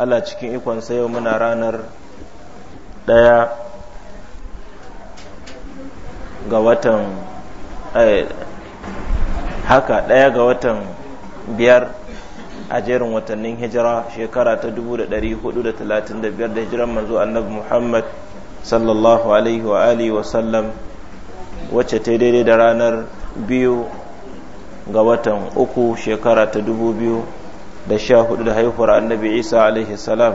Allah cikin ikonsa yau muna ranar ɗaya ga watan eh, haka ɗaya ga watan biyar a jerin watannin hijira shekara ta 435 da hijiran manzo annabi Muhammad sallallahu alaihi wa alihi wa sallam wacce ta daidai da ranar biyu ga watan uku shekara ta 2000 da sha hudu da haihuwar annabi isa alaihi salam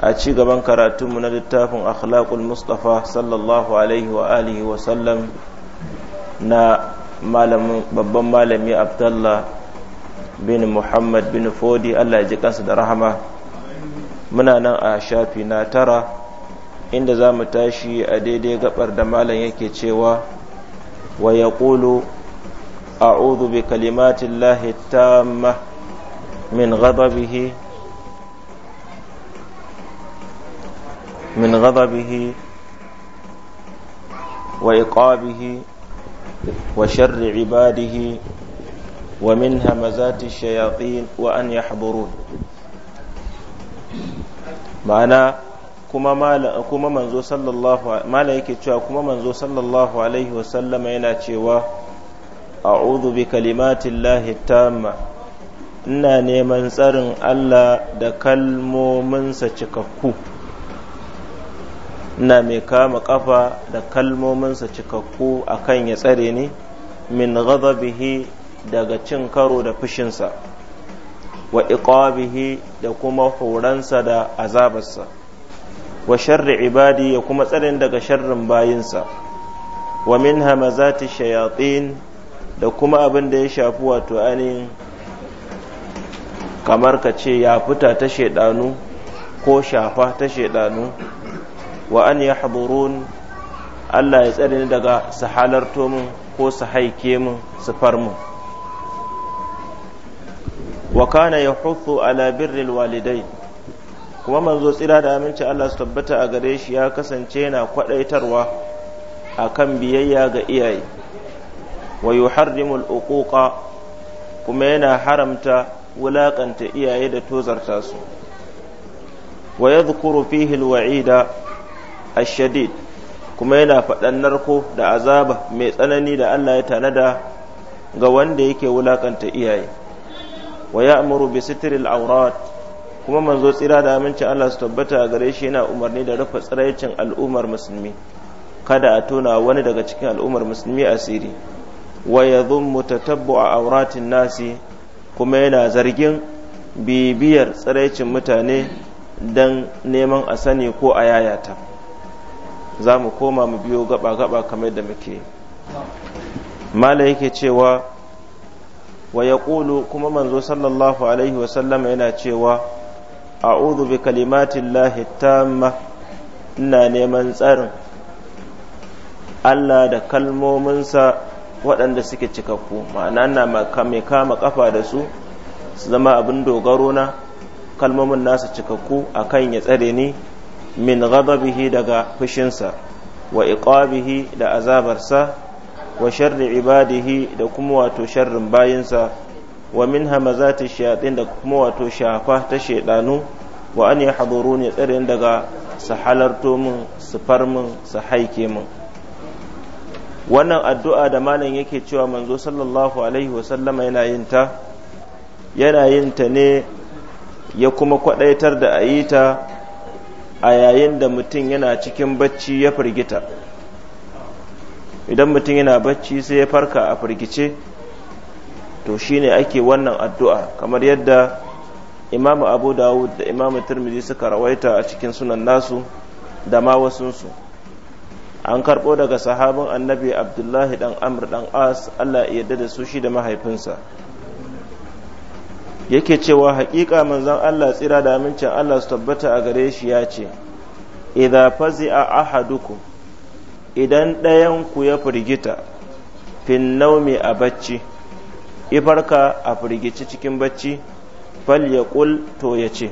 a ci gaban karatunmu na littafin akhlaqul mustafa sallallahu alaihi wa alihi wa sallam na babban malami abdallah bin muhammad bin fodi allah ji kansa da rahama muna nan a shafi na tara inda za mu tashi a daidai gabar da malam yake cewa wa ya ƙulu a'udhu bi kalimatin lahi tamma من غضبه من غضبه وعقابه وشر عباده ومن همزات الشياطين وأن يحضرون معنا كما مال كما منزو صلى الله ما لك تشوا كما منزو صلى الله عليه وسلم ينا تشوا أعوذ بكلمات الله التامه ina neman tsarin Allah da kalmominsa cikakku ina mai kama kafa da kalmominsa cikakku akan ya tsare ni min ghadabihi daga cin karo da fushinsa wa iqabihi da kuma horansa da azabarsa wa sharri ibadi ya kuma tsarin daga sharrin bayinsa wa min hamazati shayatin da kuma abin da ya shafi wato ainihin kamar ka ce ya fita ta shaidanu ko shafa ta shaidanu wa an ya haburun Allah ya tsare ni daga su halarto min ko su haike min su far mu. wa kana ya hufu ala birril walidai kuma manzo tsira da aminci Allah su tabbata a gare shi ya kasance yana kwadaitarwa kan biyayya ga iyaye wa yuharrimul uquqa kuma yana haramta wulaƙanta iyaye da tozarta su wa zukuru fihil alwa'ida da shadid kuma yana faɗan narko da azaba mai tsanani da Allah ya tanada ga wanda yake wulaƙanta iyaye wa amuru bi sitiril aurat kuma manzo tsira da amincin Allah su tabbata a gare shi yana umarni da rufe tsiraicin al'ummar musulmi kada a tona wani daga cikin al'ummar musulmi asiri wa yadhummu a auratin nasi kuma yana zargin bibiyar tsiraicin mutane don neman a sani ko a yayata za mu koma mu biyo gaba-gaba kamar da muke mala yake cewa wa ya kuma manzo sallallahu alaihi wasallama yana cewa a bi kalimatin ina neman tsarin allah da kalmominsa waɗanda suke cikakku ma'ana na mai kama kafa da su su zama abin dogaro na kalmomin nasa cikakku akan ya tsare ni min ghadabihi daga fushinsa wa iqabihi da azabarsa wa sharri ibadihi da kuma wato sharrin bayinsa wa min hamazati shayatin da kuma wato shafa ta shaidanu wa an ne tsare daga su halarto mun su far mun su haike mun. wannan addu'a da malam yake cewa manzo sallallahu alaihi wasallama yana yin ta yana yin ta ne ya kuma kwadaitar da a yi ta a yayin da mutum yana cikin bacci ya firgita idan mutum yana bacci sai ya farka a firgice to shine ake wannan addu'a kamar yadda imamu abu dawud da imamu turmizi suka rawaita a cikin sunan nasu da ma wasunsu an karɓo daga sahabin annabi abdullahi dan amr dan as allah ya yarda da su shi da mahaifinsa yake cewa haƙiƙa manzon allah tsira da amincin allah su tabbata a gare shi ya ce idza fazi'a ahadukum idan ɗayan ku ya firgita fin a bacci ifarka a firgici cikin bacci fal yaqul to ya ce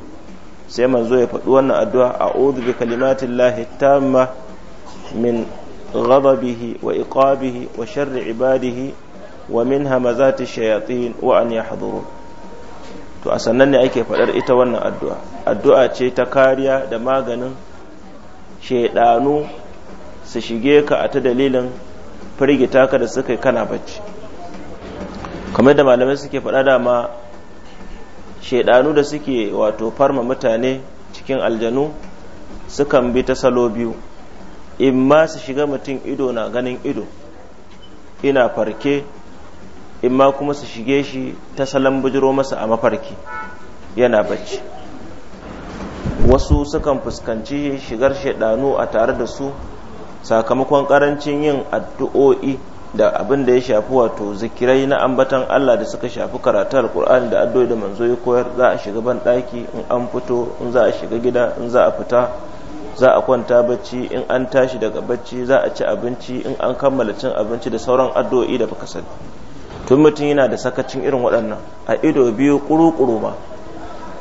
sai manzo ya faɗi wannan addu'a a'udhu bi kalimatillahi tamma من غضبه وإقابه وشر عباده ومن همزات الشياطين وأن يحضرون to a sannan ne ake faɗar ita wannan addu'a addu'a ce ta kariya da maganin shaidanu su shige ka a ta dalilin firgita ka da suka yi kana bacci kamar da malamai suke faɗa dama shaidanu da suke wato farma mutane cikin aljanu sukan bi ta salo biyu in ma su shiga mutum ido na ganin ido ina farke in ma kuma su shige shi ta salon bujiro masa a mafarki yana bacci wasu sukan fuskanci shigar shaidanu a tare da su sakamakon karancin yin addu'o'i da abin da ya shafi wato zikirai na ambatan Allah da suka shafi karatu alkur'ani da addu'o'i da manzo ya koyar za a shiga ban daki in an fito in za a shiga gida in za a fita za a kwanta bacci in an tashi daga bacci za a ci abinci in an kammala cin abinci da sauran addu'o'i da baka sani tun mutum yana da sakacin irin waɗannan a ido biyu kuru-kuru ba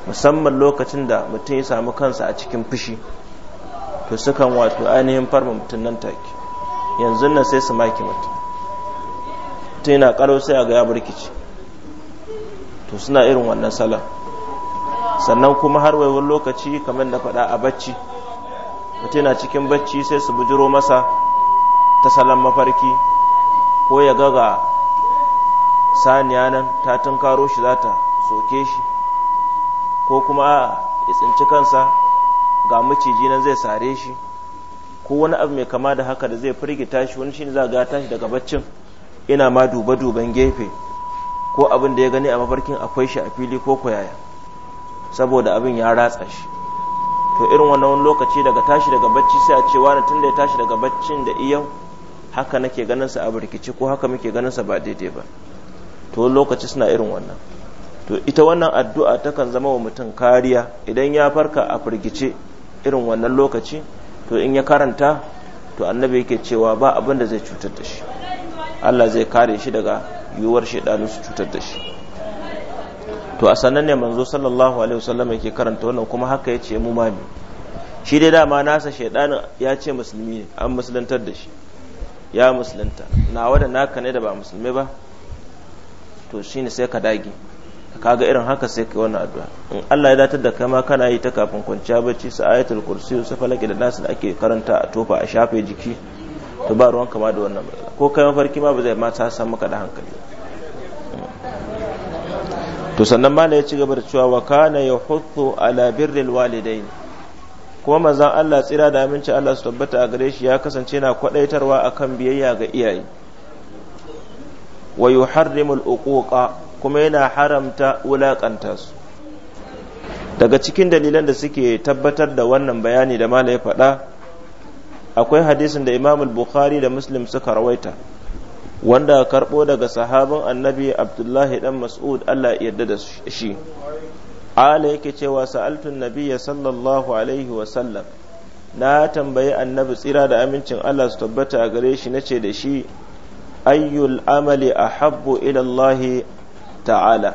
musamman lokacin da mutum ya samu kansa a cikin fushi to sukan wato ainihin farma mutum nan take yanzu nan sai su maki mutum mutum yana karo sai a ga ya burkici to suna irin wannan salon sannan kuma har waiwar lokaci kamar da faɗa a bacci mutum na cikin bacci sai su bujiro masa ta salon mafarki ko ya gaga saniya nan ta tunkaro shi za ta soke shi ko kuma ya tsinci kansa ga maciji nan zai sare shi ko wani abu mai kama da haka da zai firgita shi wani shi ne za ga tashi daga baccin ina ma duba-duban gefe ko abin da ya gani a mafarkin akwai shi a fili ko koyaya saboda abin ya ratsa shi to irin wannan lokaci daga tashi daga bacci sai a ce wani tun da ya tashi daga baccin da iya haka nake ganin sa a rikici ko haka muke ganin sa ba daidai ba to lokaci suna irin wannan to ita wannan addu'a takan zama wa mutum kariya idan ya farka a firgice irin wannan lokaci to in ya karanta to annabi yake cewa ba abin da zai cutar da shi Allah zai kare shi daga yiwuwar shaidanu su cutar da shi to a sannan ne manzo sallallahu alaihi wasallam yake karanta wannan kuma haka ya ce mu mami shi dai dama nasa shaidanin ya ce musulmi ne an musulantar da shi ya musulunta nawa da naka ne da ba musulmi ba to shine sai ka dage kaga irin haka sai kai wannan addu'a in Allah ya datar da kai ma kana yi ta kafin kwanciya bacci sa ayatul kursi sa falaki da nasu da ake karanta a tofa a shafe jiki to ba ruwan kama da wannan ko kai mafarki ma ba zai ma ta san maka da hankali to sannan mala ya ci gaba da cewa wa kana yahuthu ala birril walidain kuma manzon Allah tsira da aminci Allah su tabbata a gare shi ya kasance na kwadaitarwa kan biyayya ga iyaye wa yuharrimul uquqa kuma yana haramta wulakanta su daga cikin dalilan da suke tabbatar da wannan bayani da mala ya faɗa akwai hadisin da imamul Bukhari da Muslim suka rawaita wanda karɓo daga sahabin annabi abdullahi dan mas'ud Allah ya yarda da shi ala yake cewa sa'altun nabiyya sallallahu alaihi wa sallam na tambayi annabi tsira da amincin Allah su tabbata gare shi nace da shi ayyul amali ahabbu ila Allah ta'ala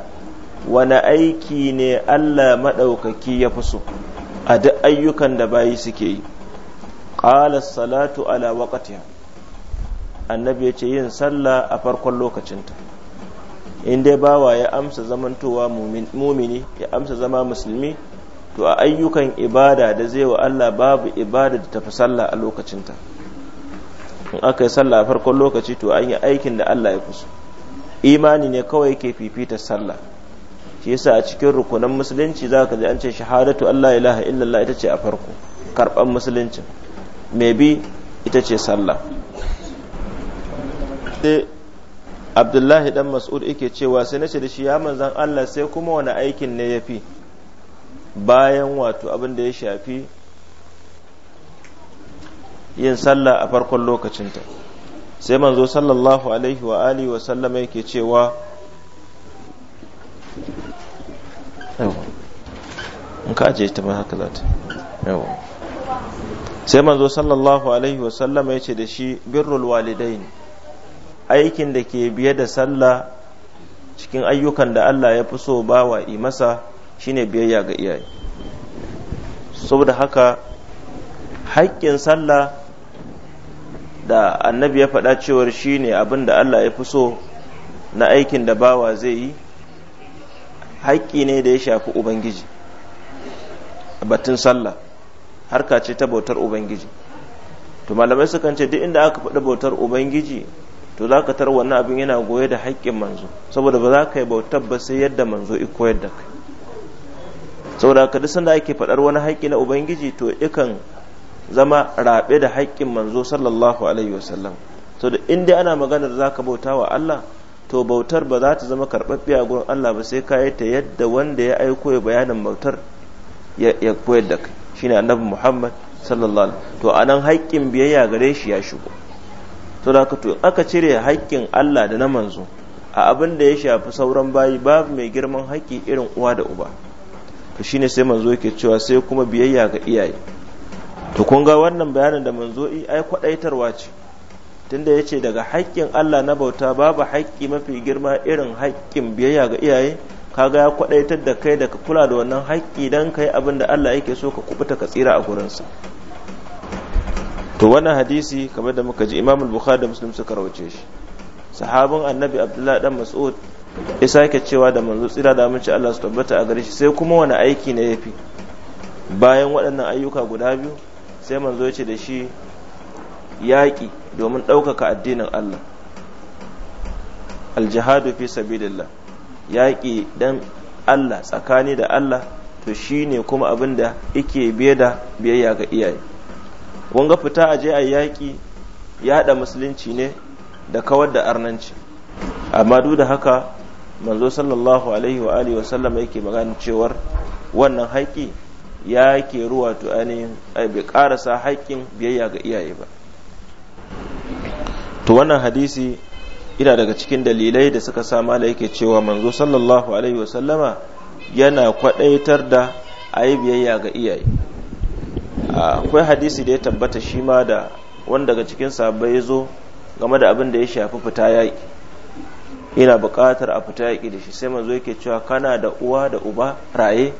wani aiki ne Allah madaukaki ya fi so a duk ayyukan da bayi suke yi qala salatu ala waqtiha annabi ya ce yin sallah a farkon lokacinta in dai bawa ya amsa zamantowa mumini ya amsa zama musulmi to a ayyukan ibada da zai wa Allah babu ibada da tafi sallah a lokacinta in aka yi sallah a farkon lokaci to an yi aikin da Allah ya kusa imani ne kawai ke fifita sallah shi yasa a cikin rukunan musulunci za ka ji an ce shahadatu Allah ilaha illallah ita ce a farko karɓar musulunci mai bi ita ce sallah sai abdullahi dan mas'ud yake cewa sai nace da shi ya manzan Allah sai kuma wani aikin ne ya fi bayan wato abin da ya shafi yin sallah a farkon lokacinta sai manzo sallallahu alaihi wa alihi wa sallama yake cewa in ka je ta haka za ta sai manzo sallallahu alaihi wa sallama yace da shi birrul walidain aikin da ke biye da sallah cikin ayyukan da Allah ya fi so ba wa masa shine biyayya ga iyaye saboda haka haƙƙin sallah da annabi ya faɗa cewar shine abin da Allah ya fi so na aikin da bawa zai yi haƙƙi ne da ya shafi ubangiji batun sallah harka ce ta bautar ubangiji to malamai sukan ce duk inda aka faɗi bautar ubangiji to za ka tar wannan abin yana goye da haƙƙin manzo saboda ba za ka yi bautar ba sai yadda manzo i koyar da kai saboda ka duk sanda ake faɗar wani haƙƙi na ubangiji to ikan zama raɓe da haƙƙin manzo sallallahu alaihi wasallam to da inda ana maganar za ka bauta wa Allah to bautar ba za ta zama karɓaɓɓiya gurin Allah ba sai ka yi ta yadda wanda ya aiko ya bayanin bautar ya koyar da kai shine annabi Muhammad sallallahu alaihi to anan haƙƙin biyayya gare shi ya shigo to da to aka cire haƙƙin Allah da na manzo a abin da ya shafi sauran bayi babu mai girman haƙƙi irin uwa da uba to shine sai manzo yake cewa sai kuma biyayya ga iyaye to kun ga wannan bayanin da manzo ai kwadaitarwa ce tunda yace daga haƙƙin Allah na bauta babu haƙƙi mafi girma irin haƙƙin biyayya ga iyaye kaga ya kwadaitar da kai da ka kula da wannan haƙƙi dan kai abin da Allah yake so ka kubuta ka tsira a gurinsa to wannan hadisi kamar da muka ji imam al bukhari da muslim suka rawace shi sahabin annabi abdullahi dan mas'ud ya sake cewa da manzo tsira da mun ci Allah su tabbata a gare shi sai kuma wani aiki ne yafi bayan waɗannan ayyuka guda biyu sai manzo ya ce da shi yaƙi domin ɗaukaka addinin Allah aljihadu fi sabilillah yaƙi dan Allah tsakani da Allah to shine kuma abin da yake biye da biyayya ga iyaye wanga fita a je a yaƙi ya yaɗa musulunci ne da kawar da arnanci amma duk da haka manzo sallallahu alaihi wa alihi wasallam yake magana cewar wannan haƙi ya ke ruwa to ainihin bai ƙarasa haƙƙin biyayya ga iyaye ba to wannan hadisi ina daga cikin dalilai da suka sa mala yake cewa manzo sallallahu alaihi wasallama yana kwaɗaitar da a yi biyayya ga iyaye Ah, akwai hadisi da ya tabbata shi ma da wanda daga cikin sabai ya zo game da abin da ya shafi fita yaƙi yana buƙatar a fita yaƙi da shi sai manzo yake cewa kana da uwa da uba raye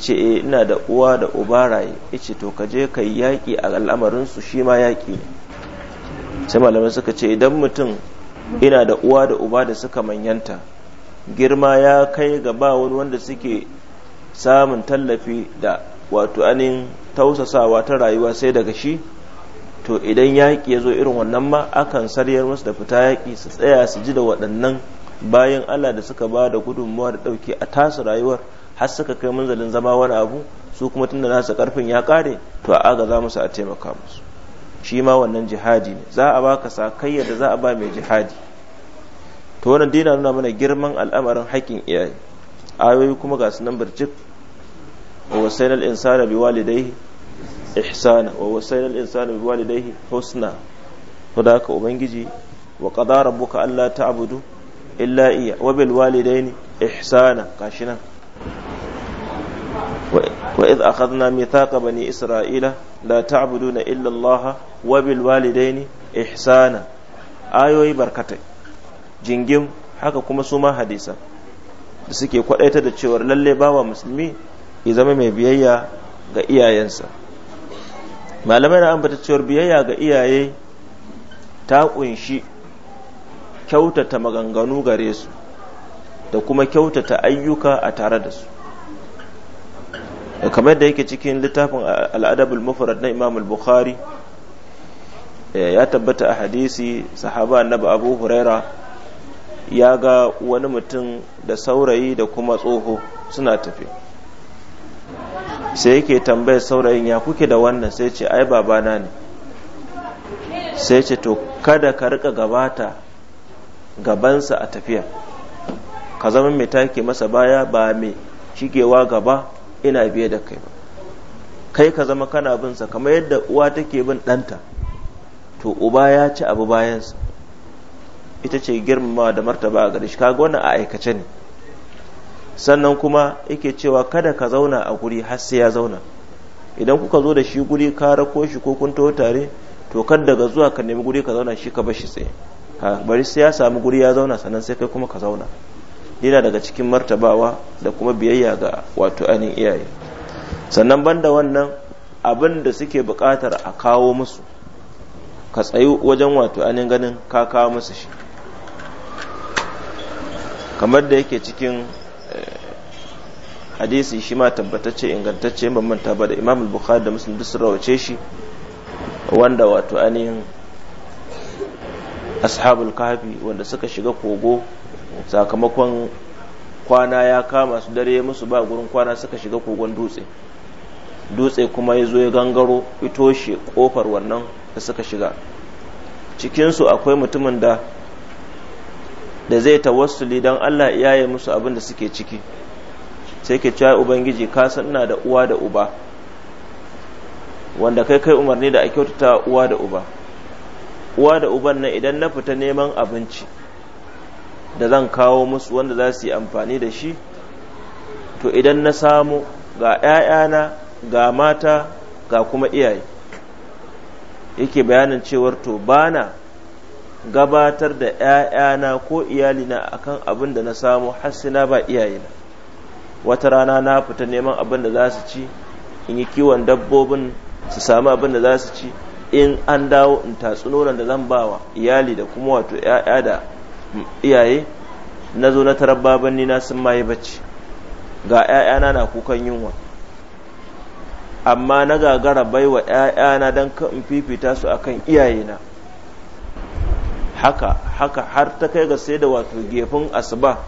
ce e ina da uwa da uba raye ce to ka je yaƙi a al'amarin su shi ma yaƙi sai malamai suka ce idan mutum ina da uwa da uba da suka manyanta girma ya kai ga ba wani wanda suke samun tallafi da wato anin tausasawa ta rayuwa sai daga shi to idan yaƙi ya zo irin wannan ma akan saryar masu da fita yaƙi su tsaya su ji da waɗannan bayan Allah da suka ba da gudunmuwa da ɗauki a tasu rayuwar har suka kai manzalin zama wani abu su kuma tunda nasu ƙarfin ya ƙare to a agaza musu a taimaka musu shi ma wannan jihadi ne za a baka sakayya da za a ba mai jihadi to wannan dina nuna mana girman al'amarin haƙƙin iyaye ayoyi kuma ga su nan birjik wa wasaina al-insana biwalidayhi ihsana wa wasaina al-insana biwalidayhi husna to da haka ubangiji wa qada rabbuka illa iya ihsana gashi nan وإذ أخذنا ميثاق بني إسرائيل لا تعبدون إلا الله وبالوالدين إحسانا آيوي بركته جنجم haka kuma suma hadisa da suke kwadaita da cewar lalle bawa musulmi ya zama mai biyayya ga iyayensa malamai na ambata cewar biyayya ga iyaye ta kunshi kyautata maganganu gare su da kuma kyautata ayyuka a tare da su kamar da yake cikin littafin al'adabul mufrad na imam al-bukhari eh, ya tabbata a hadisi sahaba na abu huraira ya ga wani mutum da saurayi da kuma tsoho suna tafi sai yake tambayar saurayin ya kuke da wannan sai ce ai babana ne sai ce to kada ka rika gabata gabansa a tafiya ka zama mai take masa baya ba mai shigewa gaba ina biye da kai ba kai ka zama kana bin sa kamar yadda uwa take bin ɗanta to uba ya ci abu bayansa ita ce girmama da martaba a gare shi kaga wannan a aikace ne sannan kuma yake cewa kada ka zauna a guri har sai ya zauna idan kuka zo da shi guri ka rako shi ko kun taho tare to kar daga zuwa ka nemi guri ka zauna shi ka bar shi tsaye ka bari sai ya samu guri ya zauna sannan sai kai kuma ka zauna yana daga cikin martabawa da kuma biyayya ga wato ainihin iyaye sannan banda wannan abin da suke buƙatar a kawo musu ka tsayu wajen wato ainihin ganin ka kawo musu shi kamar da yake cikin hadisi shi ma tabbatacce ingantacce ban manta ba da imam bukhari da muslim duk sun rawace shi wanda wato ainihin ashabul kahfi wanda suka shiga kogo sakamakon kwana ya kama su dare musu ba gurin kwana suka shiga kogon dutse dutse kuma ya zo ya gangaro fito shi kofar wannan da suka shiga cikinsu akwai mutumin da da zai tawassuli don Allah ya yi musu abin da suke ciki sai ke cewa ubangiji ka san ina da uwa da uba wanda kai kai umarni da a kyautata uwa da uba uwa da uban nan idan na fita neman abinci da zan kawo musu wanda za su yi amfani da shi to idan na samu ga 'ya'yana ga mata ga kuma iyaye yake bayanin cewar to bana gabatar da ‘ya'yana ko iyalina akan abin da na samu har sai na ba iyayena wata rana na fita neman abin da za su ci in yi kiwon dabbobin su sami abin da za su ci in an dawo in tatsu nonon da zan bawa iyali da kuma wato ya'ya da iyaye na zo na tarar babanni na sun maye bacci ga ‘ya'yana na kukan yunwa amma na gagara bai wa ‘ya'yana don in fifita su akan iyayena haka haka har ta kai ga sai da wato gefen asuba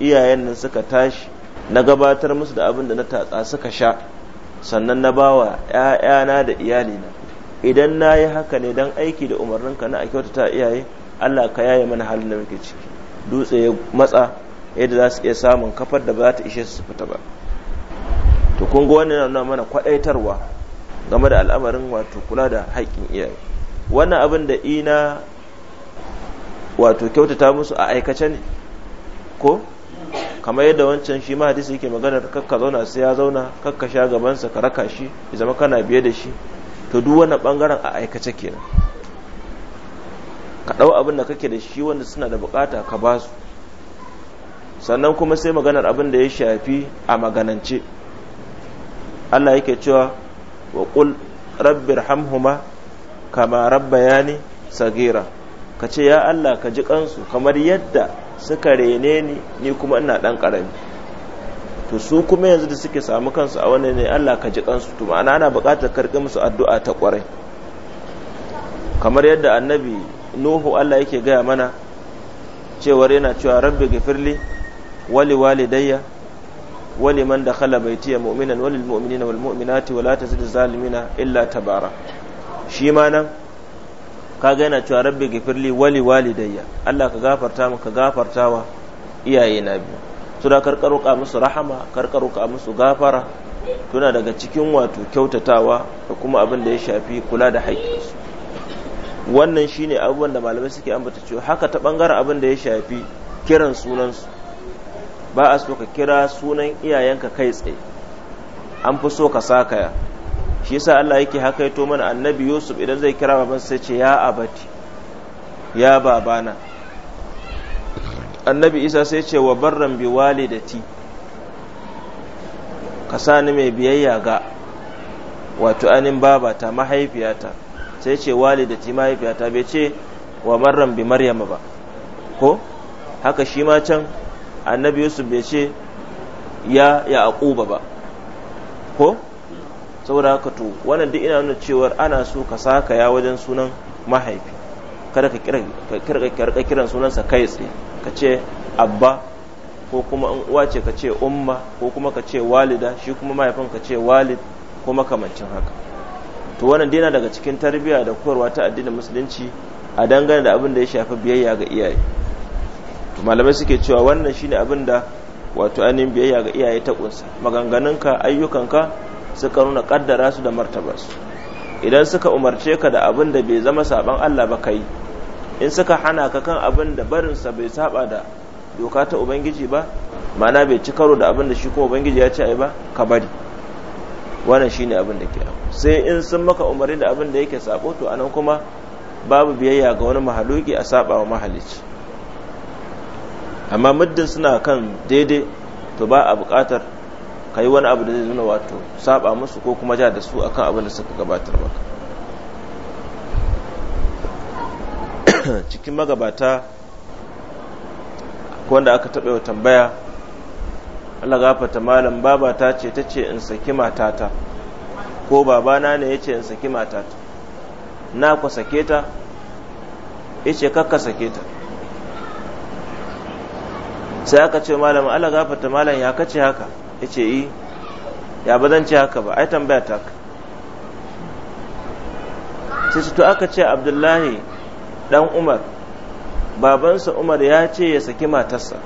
iyayen nan suka tashi na gabatar musu da abin da na tatsa suka sha sannan na bawa ‘ya'yana da iyali na idan na yi haka ne don aiki da umarninka na a kyautata iyaye Allah ka yaye mana halin da muke ciki dutse ya matsa yadda za su iya samun kafar da ba ta ishe su fita ba to kun ga wannan nuna mana kwaɗaitarwa game da al'amarin wato kula da haƙƙin iyaye wannan abin da ina wato kyautata musu a aikace ne ko kamar yadda wancan shi ma hadisi yake magana kakka zauna sai ya zauna kakka sha gabansa ka raka shi ya zama kana biye da shi to duk wannan bangaren a aikace kenan ka dau abin da kake da shi wanda suna da bukata ka ba su sannan kuma sai maganar abin da ya shafi a maganance Allah yake cewa wa qul hamhuma kama rabbayani sagira ka ce ya Allah ka ji kansu kamar yadda suka rene ni ni kuma ina dan karami to su kuma yanzu da suke samu kansu a wannan ne Allah ka ji kansu to ma'ana ana buƙatar karɓi musu addu'a ta ƙwarai kamar yadda annabi nuhu Allah yake gaya mana cewa yana cewa rabbi gafirli wali walidayya wali man dakhala baitiya mu'minan walil mu'minina wal mu'minati wala tazid zalimina illa tabara shi ma nan ka kaga yana cewa rabbi gafirli wali walidayya Allah ka gafarta mu ka gafarta wa iyaye na biyu to da ka musu rahama karkaruka musu gafara tuna daga cikin wato kyautatawa da kuma abin da ya shafi kula da haƙƙinsu wannan shine abubuwan da malamai suke ambata cewa haka ta bangaren abin da ya shafi kiran sunansu ba a so ka kira sunan iyayenka kai tsaye an fi so ka sakaya shi yasa Allah yake yato mana annabi Yusuf idan zai kira baban sai ce ya abati ya babana annabi Isa sai ce wa barran bi walidati ka sani mai biyayya ga wato anin babata mahaifiyata sai ce walidati mahaifiyata bai ce wa marran bi maryama ba ko haka shi ma can annabi Yusuf bai ce ya ya ba ko saboda haka to wannan duk ina nuna cewar ana so ka saka ya wajen sunan mahaifi kada ka kirka kiran sunansa kai tsaye ka ce abba ko kuma in uwa ce ka ce umma ko kuma ka ce walida shi kuma mahaifin ka ce walid ko makamancin haka to wannan dai yana daga cikin tarbiyya da koyarwa ta addinin musulunci a dangane da abin da ya shafi biyayya ga iyaye to malamai suke cewa wannan shine abin da wato ainihin biyayya ga iyaye ta kunsa maganganunka ayyukanka suka nuna kaddara su da martaba su idan suka umarce ka da abin da bai zama saban Allah ba kai in suka hana ka kan abin da barinsa bai saba da doka ta ubangiji ba mana bai ci karo da abin da shi kuma ubangiji ya ce ai ba ka bari wannan shine abin da ke sai in sun maka umarni da abin da yake sabo to anan kuma babu biyayya ga wani mahaluki a saba wa mahalici amma muddin suna kan daidai to ba a bukatar. ka yi wani abu da zai zuna wato saba musu ko kuma ja da su akan abin da suka gabatar maka cikin magabata ko wanda aka taɓa yau tambaya Allah gafata malam baba ta ce ta ce in saki matata ko babana ne ya ce in saki matata na ku sake ta ya ce kakka sake ta sai aka ce malam Allah gafata malam ya kace haka ya ce yi eh, ya ba zan ce haka ba ai tambaya ta ka to aka ce abdullahi dan umar babansa umar ya ce ya saki matarsa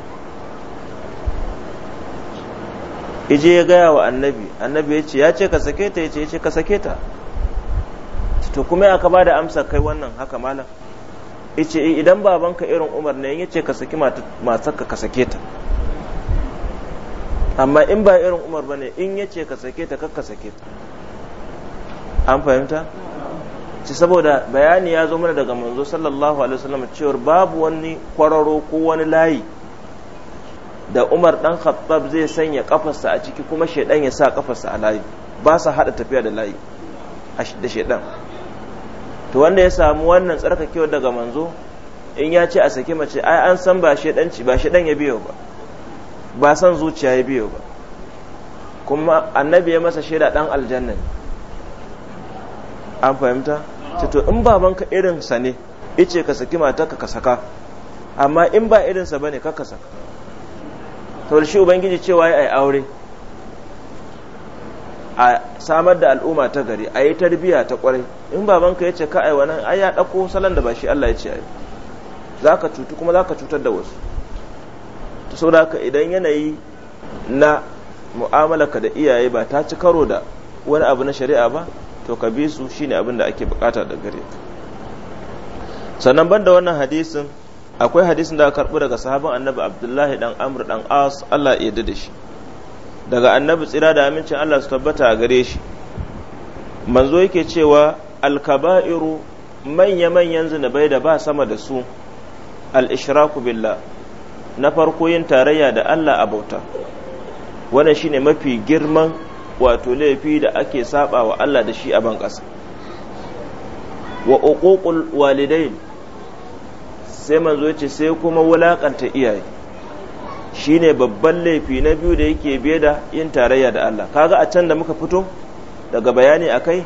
ije ya gaya wa annabi annabi ya ce ya ce ka sake ta ya ce ya ce ka sake ta to kuma aka ba da amsa kai wannan haka malam ya ce eh, idan babanka irin umar ne ya ce ka saki matarka ka sake ta amma in ba irin umar ba ne in ya ce ka sake ta kakka sake ta an fahimta ci saboda bayani ya zo mana daga manzo sallallahu alaihi wasallam cewar babu wani kwararo ko wani layi da umar dan khattab zai sanya kafarsa a ciki kuma shaidan ya sa kafarsa a layi ba sa hada tafiya da layi da shaidan to wanda ya samu wannan tsarkakewa daga manzo in ya ce a sake mace ai an san ba shaidanci ba shaidan ya biyo ba ba san zuciya ya biyo ba kuma annabi ya masa shaida dan aljanna ne an fahimta to in babanka irin sa ne ice ka saki matarka ka saka amma in ba irin sa bane ka ka saka to shi ubangiji cewa ya ai aure a samar da al'umma ta gari a yi tarbiya ta kwarai in babanka ya ce ka ai wannan ai ya dauko salon da ba shi Allah ya ce ai ka cutu kuma za ka cutar da wasu ta da idan yanayi na mu'amalarka da iyaye ba ta ci karo da wani abu na shari'a ba to ka bi su shine abin da ake bukata da gare ka sannan banda wannan hadisin akwai hadisin da aka karbu daga sahabin annabi abdullahi dan amr dan as allah ya yarda da shi daga annabi tsira da amincin allah su tabbata a gare shi manzo yake cewa alkaba'iru manya-manyan zinabai da ba sama da su al-ishraku billah na farko yin tarayya da Allah a bauta wannan shine mafi girman wato laifi da ake saba wa Allah da shi a ban ƙasa wa uququl walidain sai manzo ce sai kuma wulakanta iyaye shine babban laifi na biyu da yake biye da yin tarayya da Allah kaga a can da muka fito daga bayani akai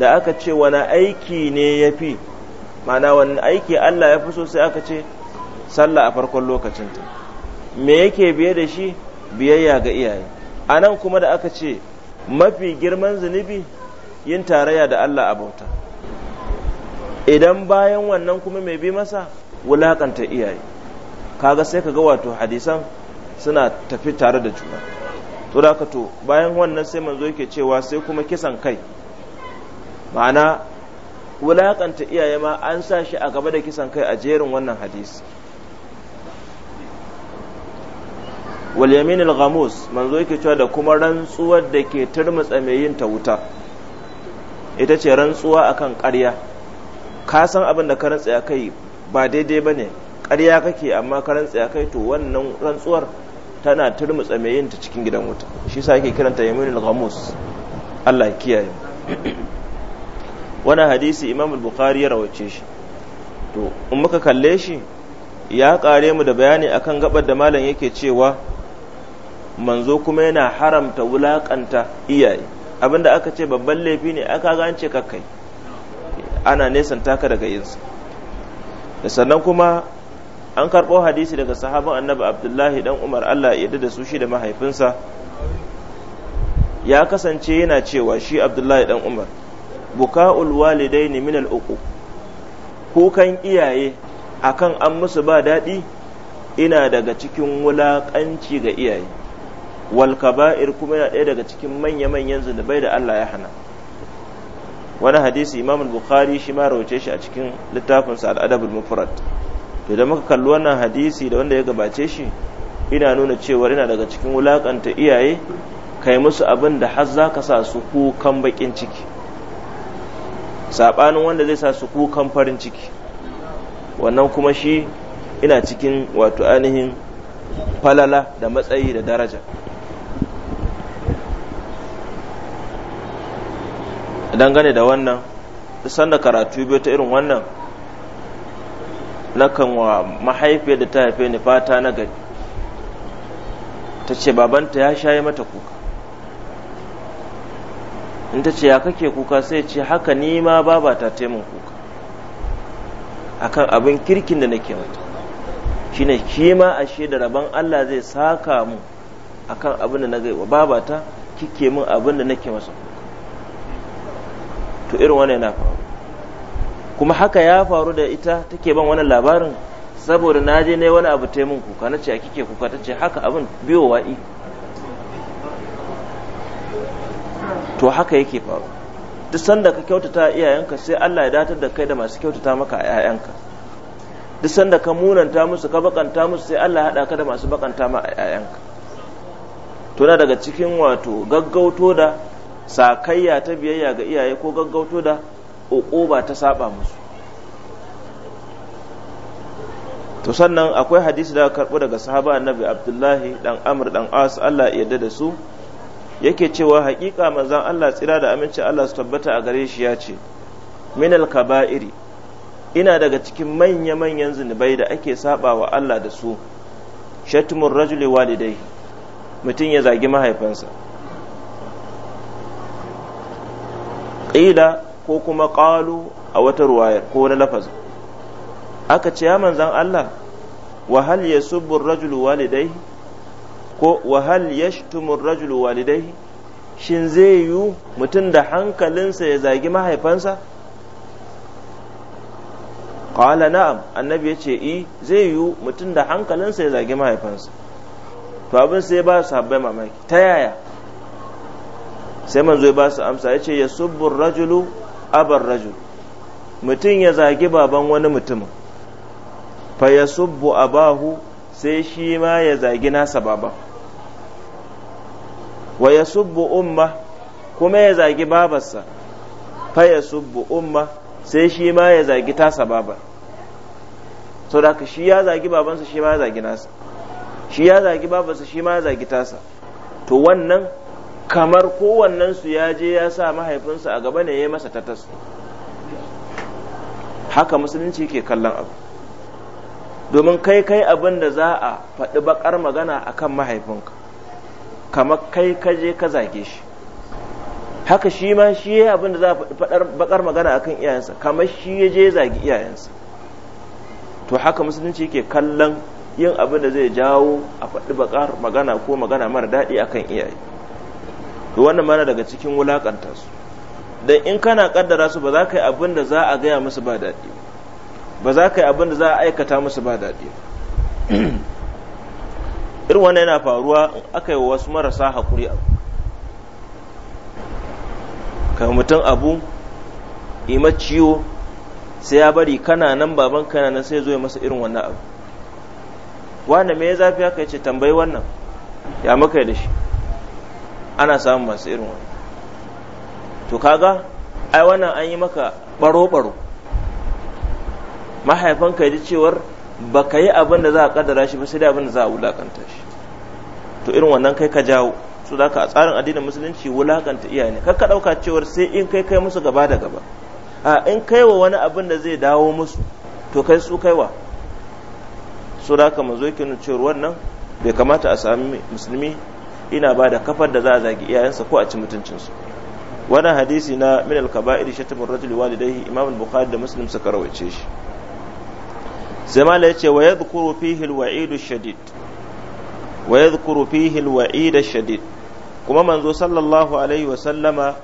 da aka ce wani aiki ne ya fi mana wani aiki Allah ya fi so sai aka ce sallah a farkon lokacinta me yake biye da shi biyayya ga iyaye a nan kuma da aka ce mafi girman zunubi yin tarayya da Allah a bauta idan bayan wannan kuma mai bi masa wulakanta iyaye kaga sai kaga wato hadisan suna tafi tare da juna to da to bayan wannan sai manzo yake cewa sai kuma kisan kai ma'ana wulaƙanta iyaye ma an sa shi a gaba da kisan kai a jerin wannan hadisi wal al ghamus manzo yake cewa da kuma rantsuwar da ke turmutsa mai yin ta wuta ita ce rantsuwa akan ƙarya ka san abin da ka rantsa kai ba daidai bane ƙarya kake amma ka rantsa kai to wannan rantsuwar tana turmutsa mai yin ta cikin gidan wuta shi yasa yake kiranta al ghamus Allah ya kiyaye wannan hadisi Imam al-Bukhari ya rawace shi to in muka kalle shi ya kare mu da bayani akan gabar da malam yake cewa manzo kuma yana haramta wulakanta iyaye abinda aka ce babban laifi ne aka gance kakkai ana nesan taka daga yinsa da sannan kuma an karɓo hadisi daga sahaban annabi abdullahi dan umar allah ya da su shi da mahaifinsa ya kasance yana cewa shi abdullahi dan umar buka'ul ne minal uku kukan iyaye akan an musu ba daɗi ina daga cikin wulaƙanci ga iyaye wal kaba'ir kuma yana ɗaya daga cikin manya-manyan zunubai da Allah ya hana wani hadisi Imam Bukhari shi ma rawace shi a cikin littafin sa al-Adabul Mufrad to da muka kalli wannan hadisi da wanda ya gabace shi ina nuna cewa yana daga cikin wulakanta iyaye kai musu abin da har za ka sa su kukan bakin ciki saɓanin wanda zai sa su kukan farin ciki wannan kuma shi ina cikin wato ainihin falala da matsayi da daraja dangane da wannan sanda karatu biyu ta irin wannan nakan wa mahaifiyar da ta haife ni fata na gari ta ce babanta ya shaye mata kuka in ta ce ya kake kuka sai ce haka ni ma baba ta taimun kuka akan abin kirkin da nake mata shine shi ma ashe da rabon Allah zai saka mu akan abin da na gaiwa babata kike min abin da nake masa kuka to irin wannan yana faru kuma haka ya faru da ita take ban wannan labarin saboda na je ne wani abu taimun kuka na ce a kike kuka ta ce haka abin biyo wa'i to haka yake faru duk sanda ka kyautata iyayenka sai Allah ya datar da kai da masu kyautata maka a iyayenka duk sanda ka munanta musu ka bakanta musu sai Allah ya haɗa ka da masu bakanta ma a iyayenka to na daga cikin wato gaggauto da sakayya ta biyayya ga iyaye ko gaggauto da ba ta saba musu to sannan akwai hadisi da karɓu daga sahaba annabi abdullahi dan amr dan as Allah ya yarda da su yake cewa haƙiƙa manzon Allah tsira da aminci Allah su tabbata a gare shi ya ce minal kaba'iri ina daga cikin manya-manyan zunubai da ake saba wa Allah da su shatmur rajuli walidai mutum ya zagi mahaifansa qila ko kuma qalu a wata ruwayar ko wani lafazin aka ce ya manzan Allah hal yasubbu ar rajulu walidayhi ko wahal ya ar rajulu walidayhi shin zai yiwu mutum da hankalinsa ya zagi mahaifansa qala na'am annabi ya ce i zai yiwu mutum da hankalinsa ya zagi mahaifansa to abin sai ba su mamaki ta yaya sai manzo ya ba su amsa ya ce ya subbur rajulu abar rajul mutum ya zagi baban wani mutumin fa ya subbu abahu sai shi ma ya zagi nasa baban. wa ya subbu umma kuma ya zagi babarsa fa ya subbu umma sai shi ma ya zagi tasa baban. sau da shi ya zagi babansa shi ma ya zagi nasa shi ya zagi babarsa shi ma ya zagi tasa to wannan kamar kowannensu ya je ya sa mahaifinsa a gaba ne ya yi masa tatas haka musulunci ke kallon abu domin kai kai abin da za a faɗi bakar magana a kan mahaifinka kamar kai ka je ka zage shi haka shi ma shi ya abin da za a faɗi bakar magana a kan iyayensa kamar shi ya je zagi iyayensa to haka musulunci ke kallon yin abin da zai jawo a faɗi bakar magana ko magana mara daɗi a kan iyaye to wannan mana daga cikin wulakanta su dan in kana kaddara su ba za ka yi abin da za a gaya musu ba daɗi ba za ka yi abin da za a aikata musu ba daɗi irin wannan yana faruwa in aka yi wasu marasa haƙuri abu kan mutum abu ima ciwo sai ya bari kana nan baban kana nan sai zo ya masa irin wannan abu wanda me ya zafi haka ya ce tambayi wannan ya maka da shi ana samun masu irin wani to kaga ai wannan an yi maka baro-baro mahaifanka ya ji cewar ba ka yi abin da za a kaddara shi ba sai dai abin da za a wulakanta shi to irin wannan kai ka jawo su za ka a tsarin addinin musulunci wulakanta iyaye kar ka ɗauka cewar sai in kai kai musu gaba da gaba a in kai wa wani abin da zai dawo musu to kai su kaiwa su da ka mazo ki cewar wannan bai kamata a sami musulmi ina ba da kafar da za a zagi iyayensa ko a ci mutuncinsu wannan hadisi na min al-kaba'ir shatmur rajul walidayhi imam al-bukhari da muslim suka rawaice shi sai ya yace wa yadhkuru fihi al-wa'id ash-shadid wa yadhkuru fihi al-wa'id ash-shadid kuma manzo sallallahu alaihi wa sallama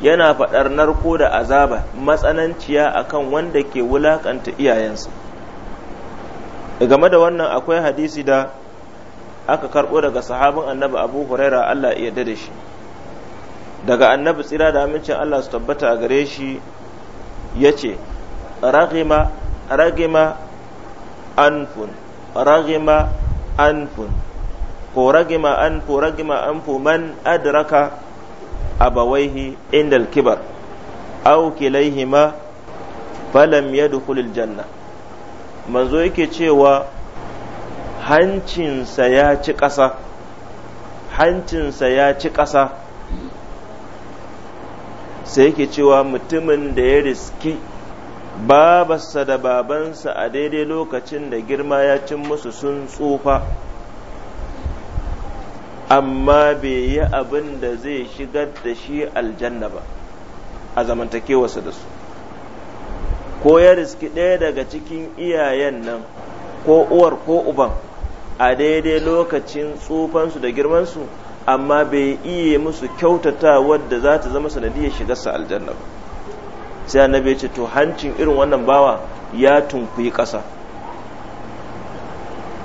yana faɗar narko da azaba matsananciya akan wanda ke wulakanta iyayensa game da wannan akwai hadisi da aka karɓo daga sahabin annabi abu huraira allah yarda da shi daga annabi tsira da amincin allah su tabbata a gare shi ya ce ragima ragima anfun ragima anfun ko ragima anfu ragima anfu man adraka abawaihi indal kibar aw kilaihima falam yadkhulul janna manzo yake cewa hancinsa ya ci ƙasa hancinsa ya ci ƙasa sai yake cewa mutumin da ya riski babarsa da babansa a daidai lokacin da girma ya cin musu sun tsufa amma bai yi abin da zai shigar da shi aljanna ba a zamantakewarsa da su ko ya riski ɗaya daga cikin iyayen nan ko uwar ko uban a daidai lokacin tsufansu da girmansu amma bai iya musu kyautata wadda za ta zama sanadiyar sa aljanna ba sai annabi ce to hancin irin wannan bawa ya tunkuyi ƙasa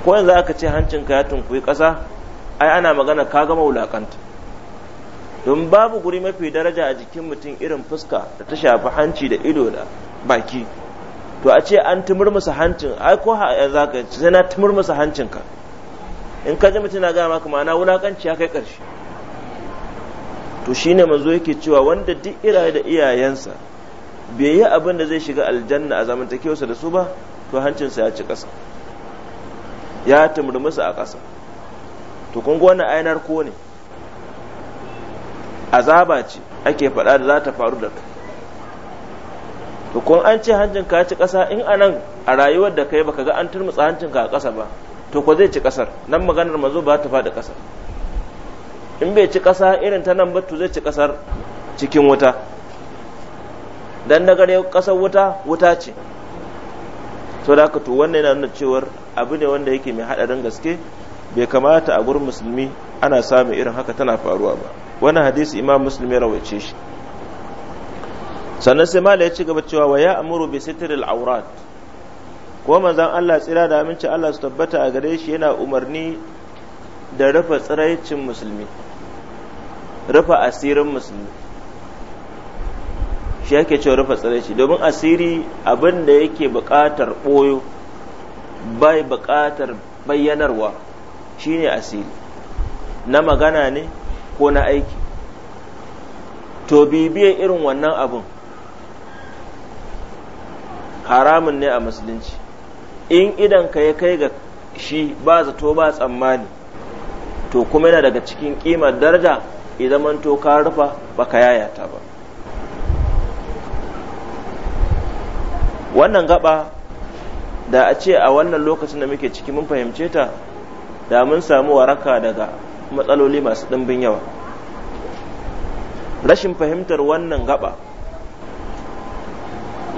ko yanzu aka ce hancinka ya tunkuyi ƙasa ai ana magana ka gama wulakanta don babu guri mafi daraja a jikin mutum irin fuska da ta shafi hanci da ido da baki to a ce an tumur musu hancin ai ko yanzu aka ce sai na tumur musu hancinka in ka ji mutum na gaya maka ma'ana wulakanci ya kai ƙarshe to shi ne manzo yake cewa wanda duk iraye da iyayensa bai yi abin da zai shiga aljanna a zamantakewarsa da su ba to hancinsa ya ci ƙasa ya tumurmi su a ƙasa to kun ga wannan ko ne azaba ce ake faɗa da za ta faru da kai to kun an ce hancin ka ci ƙasa in anan a rayuwar da kai baka ga an turmutsa hancin ka a ƙasa ba to ko zai ci kasar nan maganar mazo ba ta faɗi kasar in bai ci kasa irin ta nan ba to zai ci kasar cikin wuta dan daga dai kasar wuta wuta ce to da ka to wannan yana nuna cewar abu ne wanda yake mai hadarin gaske bai kamata a gurin musulmi ana samu irin haka tana faruwa ba wannan hadisi imam musulmi ya rawaice shi sannan sai mala ya ci gaba cewa wa ya amuru bi sitril awrat ko manzon Allah tsira da aminci Allah su tabbata a gare shi yana umarni da rufe tsiraicin musulmi rufe asirin musulmi shi yake cewa rufe tsiraici domin asiri abin da yake buƙatar ɓoyo bai buƙatar bayyanarwa shine asiri na magana ne ko na aiki to bibiyar irin wannan abun haramun ne a musulunci in idan ka ya kai ga shi ba zato ba tsammani to kuma yana daga cikin kimar daraja idan manto ka rufa ba baka yayata ba wannan gaba da a ce a wannan lokacin da muke ciki mun fahimce ta da mun samu waraka daga matsaloli masu ɗimbin yawa rashin fahimtar wannan gaba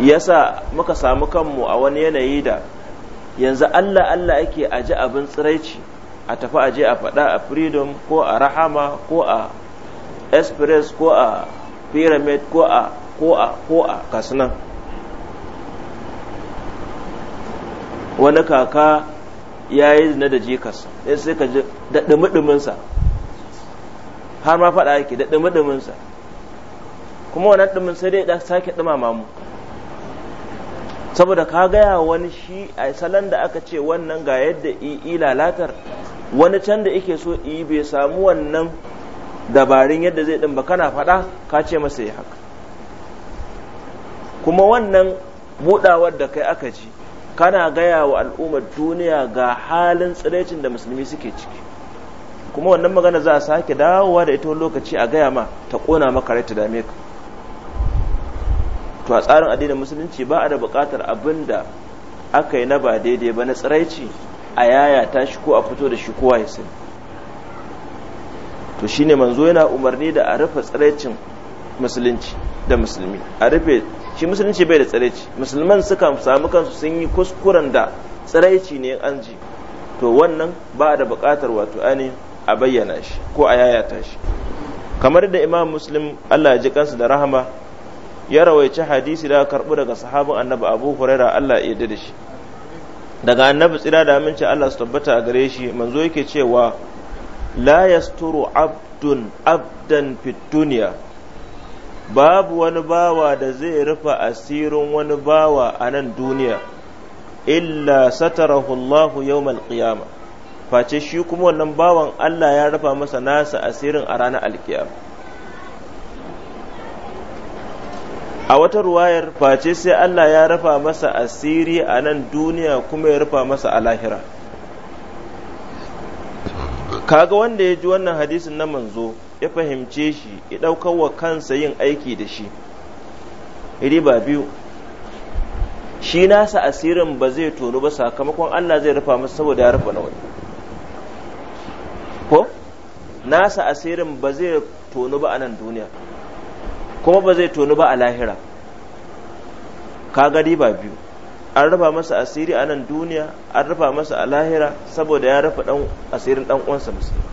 yasa muka samu kanmu a wani yanayi da yanzu Allah Allah ake aji abin tsiraici a tafi aje a faɗa a freedom ko a rahama ko a express ko a pyramid ko a ko a ko a kasnan wani kaka ya yi zina da jikas sai ka ji daɗi har ma faɗa yake daɗi kuma wannan ɗumin sai dai sake ɗumama mu saboda ka gaya wani shi a salon da aka ce wannan ga yadda i lalatar wani can da ike so i bai samu wannan dabarin yadda zai ɗin ba kana faɗa ka ce masa ya haka kuma wannan buɗawar da kai aka ji kana gaya wa al'ummar duniya ga halin tsiraicin da musulmi suke ciki kuma wannan magana za a sake dawowa da ita lokaci a gaya ma ta ƙona maka rai ta dame ka to a tsarin addinin musulunci ba a da buƙatar abin da aka yi na ba daidai ba na tsiraici a ta shi ko a fito da shi kowa ya sani to shine manzo yana umarni da a rufe tsiraicin musulunci da musulmi a rufe shi musulunci bai da tsiraici musulman sukan samu kansu sun yi kuskuren da tsiraici ne an ji to wannan ba a da buƙatar wato ani a bayyana shi ko a ta shi kamar da imam muslim Allah ya ji kansu da rahama ya rawaici hadisi da karbu daga sahabin annabi abu huraira Allah ya da shi daga annabi tsira da aminci Allah su tabbata a gare shi manzo yake cewa la yasturu abdun abdan fit duniya babu wani bawa da zai rufa asirin wani bawa a nan duniya illa satarahu Allah yawmal qiyama face shi kuma wannan bawan Allah ya rufa masa nasa asirin a ranar alkiyama a wata ruwayar face sai Allah ya rafa masa asiri a nan duniya kuma ya rafa masa a lahira kaga wanda ya ji wannan hadisin na manzo ya fahimce shi ya ɗaukar wa kansa yin aiki da shi riba biyu shi nasa asirin ba zai tono ba sakamakon Allah zai rufa masa saboda ya rufa na wani ko nasa asirin ba zai tono ba a nan duniya kuma ba zai tonu ba a lahira ka gari ba biyu an rufa masa asiri a nan duniya an rufa masa a lahira saboda ya rufa asirin dan uwansa musulmi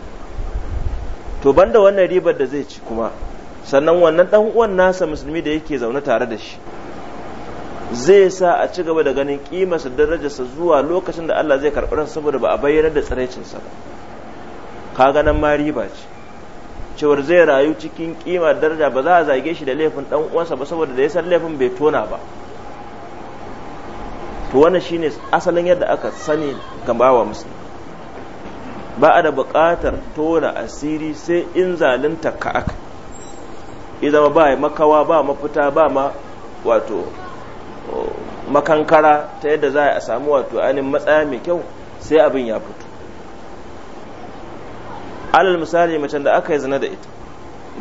to banda wannan ribar da zai ci kuma sannan wannan dan uwan nasa musulmi da yake zaune tare da shi zai sa a ci gaba da ganin kimarsa darajarsa zuwa lokacin da Allah zai karɓi saboda ba a bayyana da tsiraicinsa ba ka ganin ma riba ce cewar zai rayu cikin kima daraja ba za a zage shi da laifin dan uwansa ba saboda da ya san laifin bai tona ba to wannan shine asalin yadda aka sani ga bawa musulmi ba a da buƙatar tona asiri sai in zalunta ka aka idan ba makawa ba mafita ba ma wato oh, makankara ta yadda za a samu wato ainihin matsaya mai kyau sai abin ya fito alal misali mace da aka yi zina da ita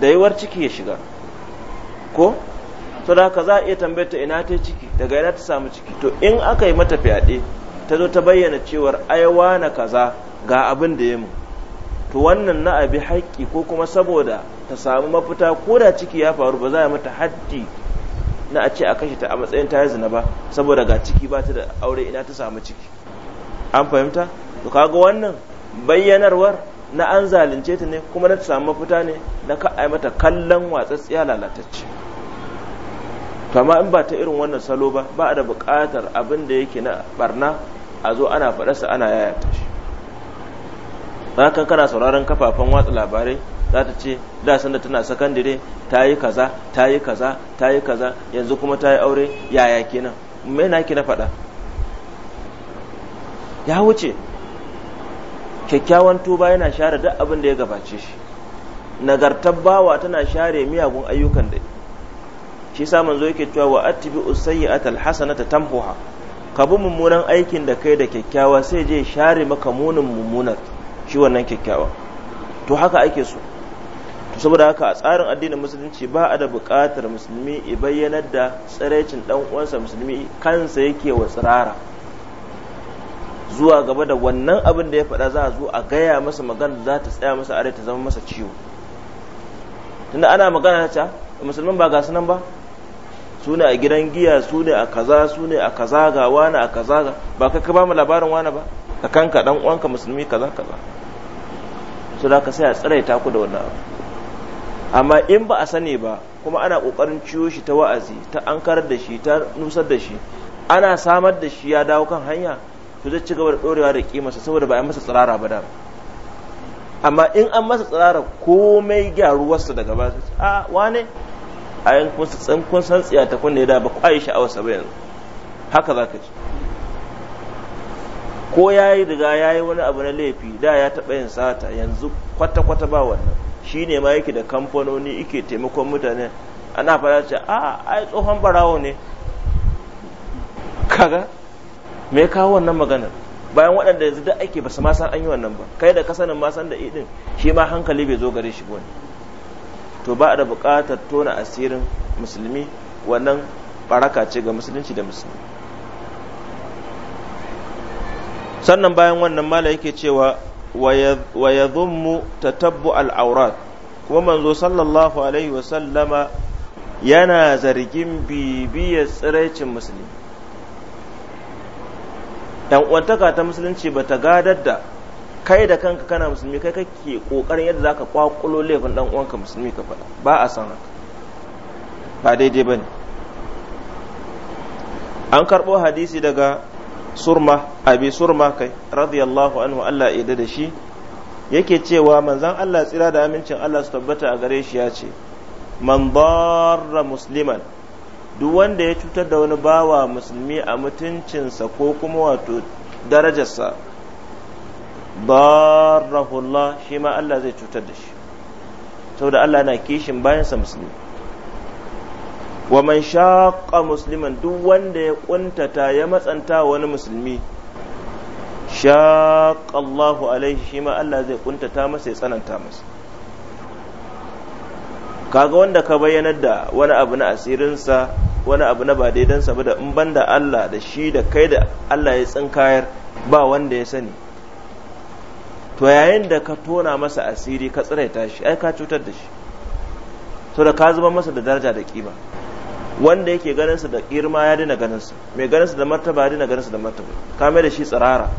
da yiwuwar ciki ya shiga ko to da haka za a iya tambayar ta ina ta ciki daga ina ta samu ciki to in aka yi mata fyaɗe ta zo ta bayyana cewar aiwa na kaza ga abin da ya mu to wannan na abi haƙƙi ko kuma saboda ta samu mafita ko da ciki ya faru ba za a mata haddi na a ce a kashe ta a matsayin ta zina ba saboda ga ciki ba ta da aure ina ta samu ciki an fahimta to kaga wannan bayyanarwar na an zalunce ta ne kuma na ta samu mafita ne na ka ai mata kallon watsatsiya lalatacce to amma in ba ta irin wannan salo ba ba da buƙatar abin da yake na barna a zo ana faɗarsa ana yayata shi ka kana sauraron kafafen watsa labarai za ta ce da sanda tana sakandire ta yi kaza ta yi kaza ta yi kaza yanzu kuma ta yi aure yaya kenan me na ki na faɗa ya wuce kyakkyawan tuba yana share duk abin da ya gabace shi nagartar bawa tana share miyagun ayyukan da shi sa manzo yake cewa wa attibi usayyi'ata alhasanata tamhuha ka bi mummunan aikin da kai da kyakkyawa sai je share maka munin mummunar shi wannan kyakkyawa to haka ake so to saboda haka a tsarin addinin musulunci ba a da buƙatar musulmi ya bayyanar da tsiraicin dan uwansa musulmi kansa yake wa tsirara zuwa gaba da wannan abin da ya faɗa za a zo a gaya masa magana za ta tsaya masa are ta zama masa ciwo tunda ana magana ta musulman ba ga nan ba su ne a gidan giya su ne a kaza su ne a kaza ga wani a kaza ga ba ka ba mu labarin wani ba ka kanka dan uwanka musulmi kaza kaza so da ka sai a ta ku da wannan abu amma in ba a sani ba kuma ana kokarin ciyo shi ta wa'azi ta ankarar da shi ta nusar da shi ana samar da shi ya dawo kan hanya to zai ci gaba da dorewa da kimarsa saboda ba a masa tsirara ba da amma in an masa tsirara komai gyaruwarsa daga ba a wane a kun san tsiya ta kunne da ba kwaye sha'awarsa ba yanzu haka za ka ci ko ya yi riga ya yi wani abu na laifi da ya taɓa yin sata yanzu kwata-kwata ba wannan shi ne ma yake da kamfanoni yake taimakon mutane ana fara ce a ai tsohon barawo ne kaga me ya kawo wannan maganar bayan waɗanda yanzu duk ake basu ma san an yi wannan ba kai da kasanin sanin ma san da idin shi ma hankali bai zo gare shi ba to ba da buƙatar tona asirin musulmi wannan baraka ce ga musulunci da musulmi sannan bayan wannan mala yake cewa wa ya zummu tatabbu al'aurat kuma manzo sallallahu alaihi wasallama yana zargin bibiyar tsiraicin musulmi dan uwantaka ta musulunci ba ta gadar da kai da kanka kana musulmi kai kake kokarin yadda zaka kwakulo laifin dan uwanka musulmi ka faɗa ba a san haka ba daidai bane an karɓo hadisi daga surma abi surma kai radiyallahu anhu Allah ya da shi yake cewa manzon Allah tsira da amincin Allah su tabbata a gare shi ya ce man darra musliman duk wanda ya cutar da wani bawa musulmi a mutuncinsa ko kuma wato darajarsa barrahullah shi ma Allah zai cutar da shi saboda Allah na kishin bayansa musulmi wa man shaqqa musliman duk wanda ya ƙuntata ya matsanta wani musulmi shaqqa Allahu alaihi shi ma Allah zai ƙuntata masa ya tsananta masa kaga wanda ka bayyanar da wani abu na asirinsa wani abu na ba daidansa ba da in ban da Allah da shi da kai da Allah ya tsinkayar ba wanda ya sani to yayin da ka tona masa asiri ka ta shi ai ka cutar da shi to da ka zuba masa da daraja da kima wanda yake ganinsa da girma ya dina ganinsa mai ganinsa da martaba ya dina ganinsa da martaba ka mai da shi tsirara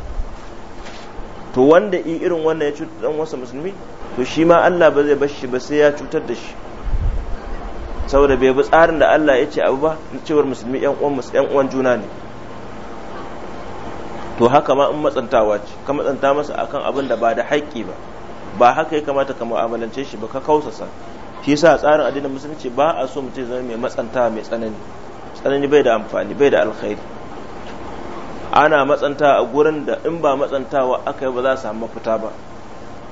to wanda i irin wannan ya cutar dan wasu musulmi to shi ma Allah ba zai bar shi ba sai ya cutar da shi saboda bai bi tsarin da Allah ya ce abu ba cewar musulmi yan uwan yan uwan juna ne to haka ma in matsantawa ce ka matsanta masa akan abin da ba da haƙƙi ba ba haka ya kamata ka mu'amalance shi ba ka kausasa shi yasa tsarin addinin musulunci ba a so mutum zama mai matsanta mai tsanani tsanani bai da amfani bai da alkhairi ana matsanta a gurin da in ba matsantawa aka yi ba za a samu mafita ba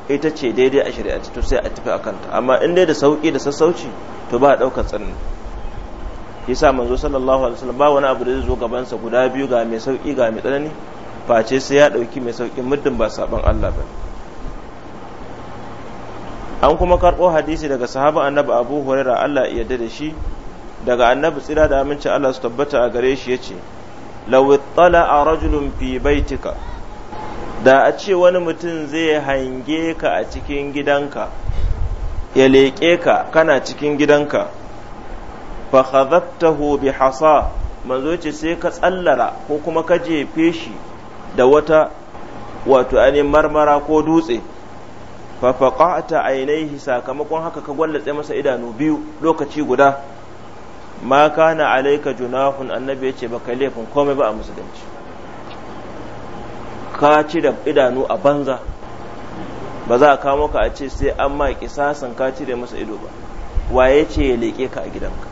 ita ce daidai a shari'ance to sai a tafi a kanta amma in dai da sauki da sassauci to ba a ɗaukar tsanani sa manzo sallallahu alaihi wasallam ba wani abu da zai zo gaban sa guda biyu ga mai sauki ga mai tsanani face sai ya ɗauki mai sauki muddin ba saban Allah ba an kuma karɓo hadisi daga sahaba annabi abu huraira Allah ya yarda da shi daga annabi tsira da aminci Allah su tabbata a gare shi yace law ittala rajulun fi baitika da a ce wani mutum zai hange ka a cikin gidanka ya leƙe ka kana cikin gidanka fa khadhabtahu bi hasa manzo ce sai ka tsallara ko kuma ka jefe shi da wata wato ane marmara ko dutse fa faqata ainihi sakamakon haka ka gwallatse masa idanu biyu lokaci guda ma kana alaika junahun annabi ya ce baka laifin komai ba a musulunci ka ci da idanu a banza ba za a kamo ka a ce sai an ma sasan ka ci da masa ido ba waye ce ya leke ka a gidanka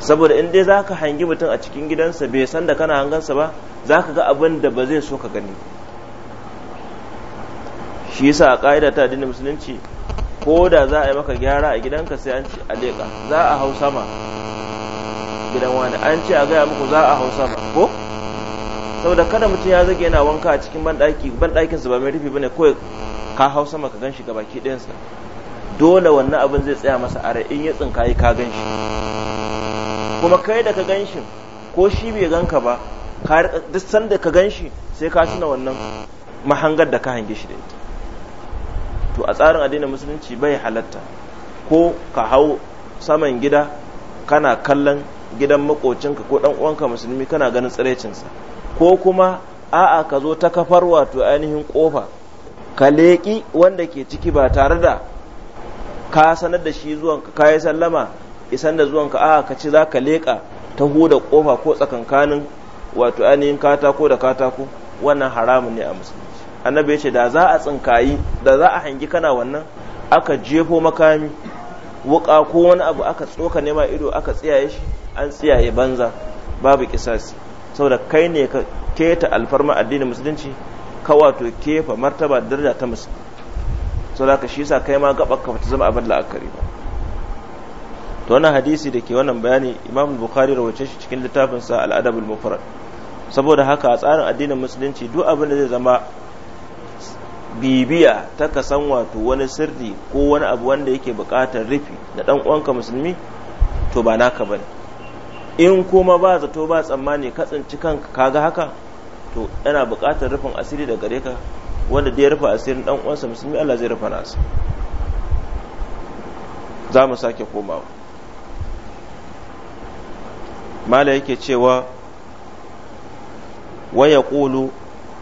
saboda in dai zaka hangi mutum a cikin gidansa bai san da kana hangansa ba zaka ga abin da ba zai so ka gani shi yasa a ka'ida ta addinin musulunci ko da za a yi maka gyara a gidanka sai an ce a leƙa za a hau sama gidan wani an ce a gaya muku za a hau sama ko saboda kada mutum ya zage yana wanka a cikin banɗaki banɗakin su ba mai rufi bane kawai ka hau sama ka gan ganshi gabaki ɗayansa dole wannan abin zai tsaya masa a in ya tsinka yi ka ganshi kuma kai da ka shi ko shi bai ka ba duk sanda ka ganshi sai ka tuna wannan mahangar da ka hange shi da ita to a tsarin addinin musulunci bai halatta ko ka hau saman gida kana kallon gidan makocinka ko dan uwanka musulmi kana ganin tsiraicinsa ko kuma a'a ka zo ta kafar wato ainihin kofa ka leƙi wanda ke ciki ba tare da ka sanar da shi zuwanka ka yi sallama isan da zuwanka a'a ka ci za ka leƙa ta huda kofa ko tsakankanin wato ainihin katako da katako wannan haramun ne a musulunci annabi ya ce da za a tsinkayi da za a hangi kana wannan aka jefo makami wuka ko wani abu aka tsoka nema ido aka tsiyaye shi an tsiyaye banza babu kisasi saboda kai ne ka keta alfarma addinin musulunci ka wato kefa martaba daraja ta musulunci saboda ka shi sa kai ma gaba ka ta zama abin la'akari ba to wannan hadisi da ke wannan bayani imam bukhari rawace shi cikin littafin sa al mufrad saboda haka a tsarin addinin musulunci duk abin da zai zama bibiya ta kasan wato wani sirri ko wani abu wanda yake buƙatar rufi da ɗan uwanka musulmi to ba naka bane in kuma ba zato ba tsammani ka tsinci kanka kaga haka to yana buƙatar rufin asiri da gare ka wanda da ya rufa asirin dan uwansa musulmi Allah zai rufe nasa za mu sake komawa mala yake cewa waya ƙulu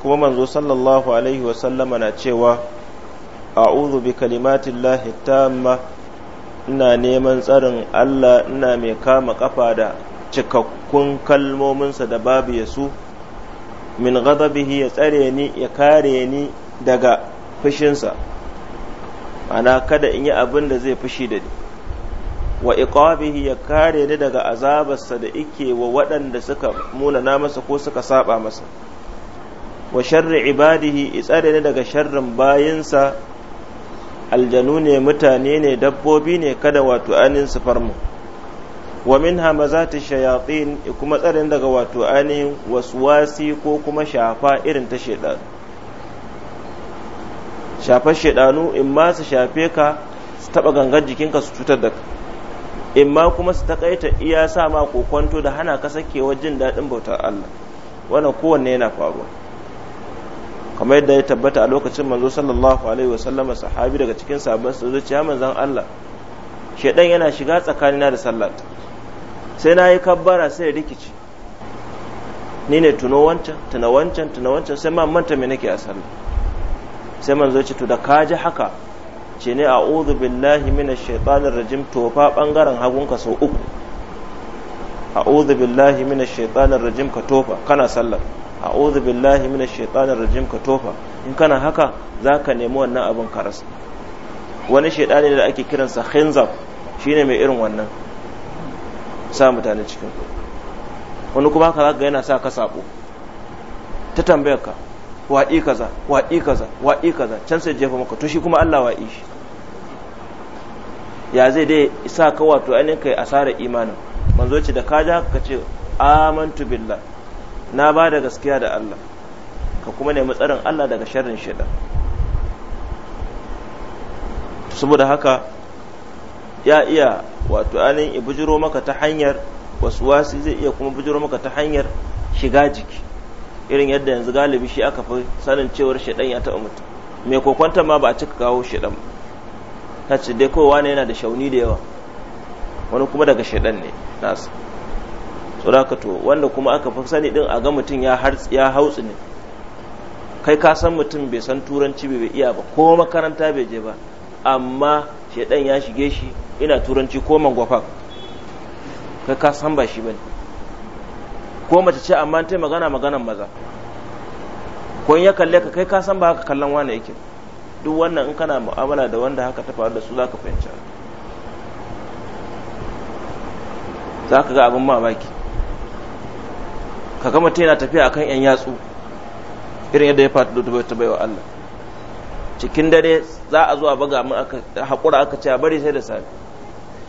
kuma manzo sallallahu alaihi wasallama na cewa a'udhu bi kalimatillahi tamma ina neman tsarin Allah ina mai kama kafa da cikakkun kalmominsa da babu ya su min ghadabihi ya tsare ni ya kare ni daga fushinsa ana kada in yi abin da zai fushi da ni wa iqabihi ya kare ni daga azabarsa da ike wa waɗanda suka munana masa ko suka saba masa wa sharri ibadihi ya tsare ni daga sharrin bayinsa aljanu ne mutane ne dabbobi ne kada wato anin su farmu wa min hamazati shayatin kuma tsarin daga wato ainihin waswasi ko kuma shafa irin ta shaidan shafar shaidanu in ma su shafe ka su taba gangan jikinka su cutar da ka in ma kuma su takaita iya sa ma kokonto da hana ka sakewa jin daɗin bautar Allah wannan kowanne yana faruwa kamar yadda ya tabbata a lokacin manzo sallallahu alaihi wa sallama sahabi daga cikin sahabban su zuciya manzon Allah shaidan yana shiga tsakanina da sallah sai na yi kabbara sai rikici ni ne tuno wancan tuna wancan tuna wancan sai man manta me nake a sallah sai man ce to da ka ji haka ce ne a'udhu billahi mina shaitanir rajim tofa fa bangaren hagunka sau uku a'udhu billahi mina shaitanir rajim ka tofa kana a a'udhu billahi mina shaitanir rajim ka tofa in kana haka za ka nemi wannan abin karas wani shaitani da ake kiransa khinzab shine mai irin wannan sa mutane cikin wani kuma haka zaka yana sa ka sabo ta tambayar ka waɗi kaza waɗi kaza waɗi kaza can sai jefa maka to shi kuma Allah waɗi shi ya zai dai sa ka wato ainihin kai asara imanin manzo ce da ka ja ka ce amantu billah na ba da gaskiya da Allah ka kuma nemi tsarin Allah daga sharrin shaitan saboda haka ya iya wato anin ya bujiro maka ta hanyar wasi zai iya kuma bujiro maka ta hanyar shiga jiki irin yadda yanzu galibi shi aka fi sanin cewar shaɗan ya taɓa mutum mai kokonta ma ba a cika kawo shaɗan ta ce dai kowa ne yana da shauni da yawa wani kuma daga shaɗan ne nasa tsoraka to wanda kuma aka fi sani din a ga mutum ya hautsi ne kai ka san mutum bai san turanci bai iya ba ko makaranta bai je ba amma shedan ya shige shi ina turanci ko mangwafak kai ka san ba shi bane ko mace ce amma ta magana maganan maza ko ya kalle ka kai ka san ba haka kallon wani yake duk wannan in kana mu'amala da wanda haka ta faru da su zaka fahimci zaka ga abin mamaki ka ga mutum yana tafiya akan yan yatsu irin yadda ya faɗi da ta baiwa Allah cikin dare za a zo a buga mu aka haƙura aka ce a bari sai da safe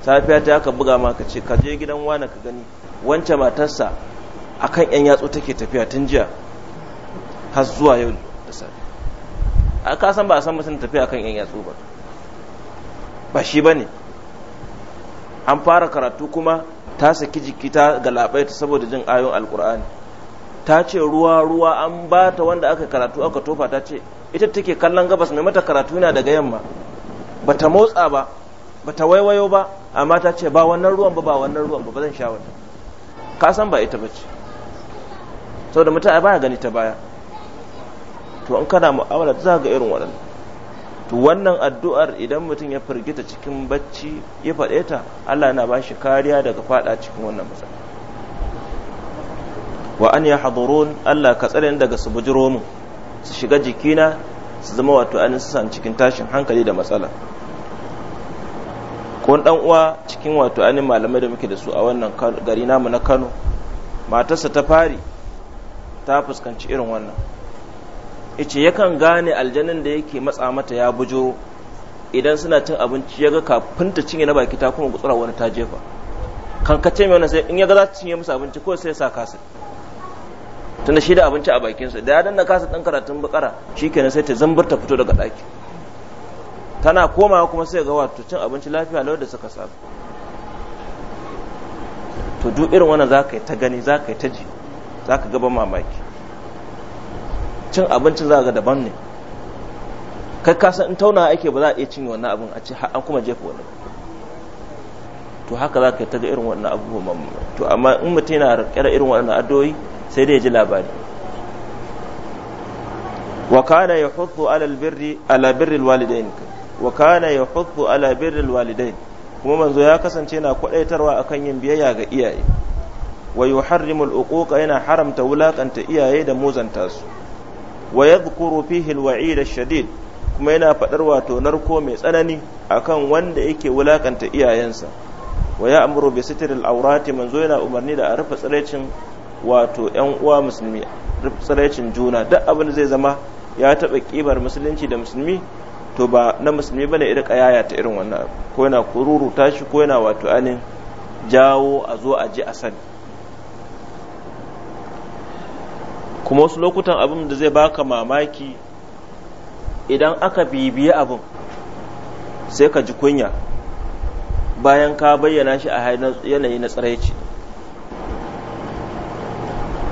safiya ta aka buga mu aka ce ka je gidan wani ka gani wance matarsa akan yan yatsu take tafiya tun jiya har zuwa yau da safe a ka san ba a san mutum tafiya akan yan yatsu ba ba shi bane an fara karatu kuma ta saki jiki ta galabaita saboda jin ayon alkur'ani ta ce ruwa ruwa an ba ta wanda aka karatu aka tofa ta ce ita take kallon gabas mai mata karatu na daga yamma ba ta motsa ba ta waiwayo ba amma ta ce ba wannan ruwan ba ba wannan ruwan ba ba zan sha wata ka san ba ita bace saboda mutum ai baya gani ta baya to an kana mu'amala za ga irin waɗannan to wannan addu'ar idan mutum ya firgita cikin bacci ya faɗe ta Allah yana ba shi kariya daga faɗa cikin wannan matsala wa an ya hadurun Allah ka tsare ni daga su bujiro mu su shiga jikina su zama wato an san cikin tashin hankali da matsala ko dan uwa cikin wato anin malamai da muke da su a wannan gari namu na Kano matarsa ta fari ta fuskanci irin wannan ice yakan gane aljanin da yake matsa mata ya bujo idan suna cin abinci ya ga kafin ta cinye na baki ta kuma gutsura wani ta jefa kankace mai wannan sai in ya ga za ta cinye musu abinci ko sai ya sa kasa tunda shi da abinci a bakinsa da ya danna kasa ɗan karatun bakara shikenan sai ta zambar ta fito daga daki tana komawa kuma sai ga wato cin abinci lafiya lau da suka saba to duk irin wannan za yi ta gani za yi ta ji za ka ba mamaki cin abincin za ga daban ne kai san in tauna ake ba za a iya cinye wannan abin a ce an kuma jefa wani to haka za ka ta ga irin waɗannan abubuwan to amma in mutum yana kira irin waɗannan addu'o'i sai dai ya ji labari wa kana yahuthu ala albirri ala walidain wa kana hukku ala walidain kuma manzo ya kasance yana kwadaitarwa akan yin biyayya ga iyaye wa yuharrimu al-uquqa yana haramta wulakanta iyaye da muzanta su wa yadhkuru fihi al-wa'id ash-shadid kuma yana fadar wato narko mai tsanani akan wanda yake wulakanta iyayensa wa ya amuru bi sitril aurati manzo yana umarni da a rufe tsiraicin wato yan uwa musulmi rufe tsiraicin juna duk abin zai zama ya taba ƙibar musulunci da musulmi to ba na musulmi bane ida kayaya ta irin wannan ko yana kururu tashi ko yana wato anin jawo a zo a ji a kuma wasu lokutan abin da zai baka mamaki idan aka bibiya abin sai ka ji kunya bayan ka bayyana shi a yanayi na tsiraici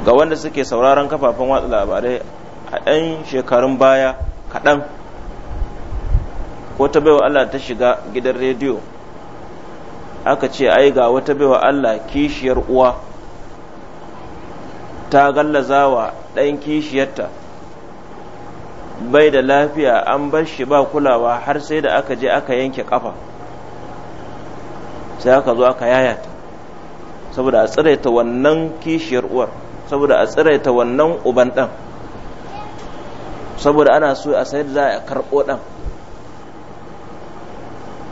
ga wanda suke sauraron kafafen watsa labarai a ɗan shekarun baya kaɗan wata baiwa Allah ta shiga gidan rediyo aka ce ai ga wata baiwa Allah kishiyar uwa ta wa ɗan kishiyarta bai da lafiya an bar shi ba kulawa har sai da aka je aka yanke ƙafa sai aka zo aka yayata saboda a tsiraita wannan kishiyar uwar saboda a tsiraita wannan uban ɗan saboda ana so a sayar za a karɓo ɗan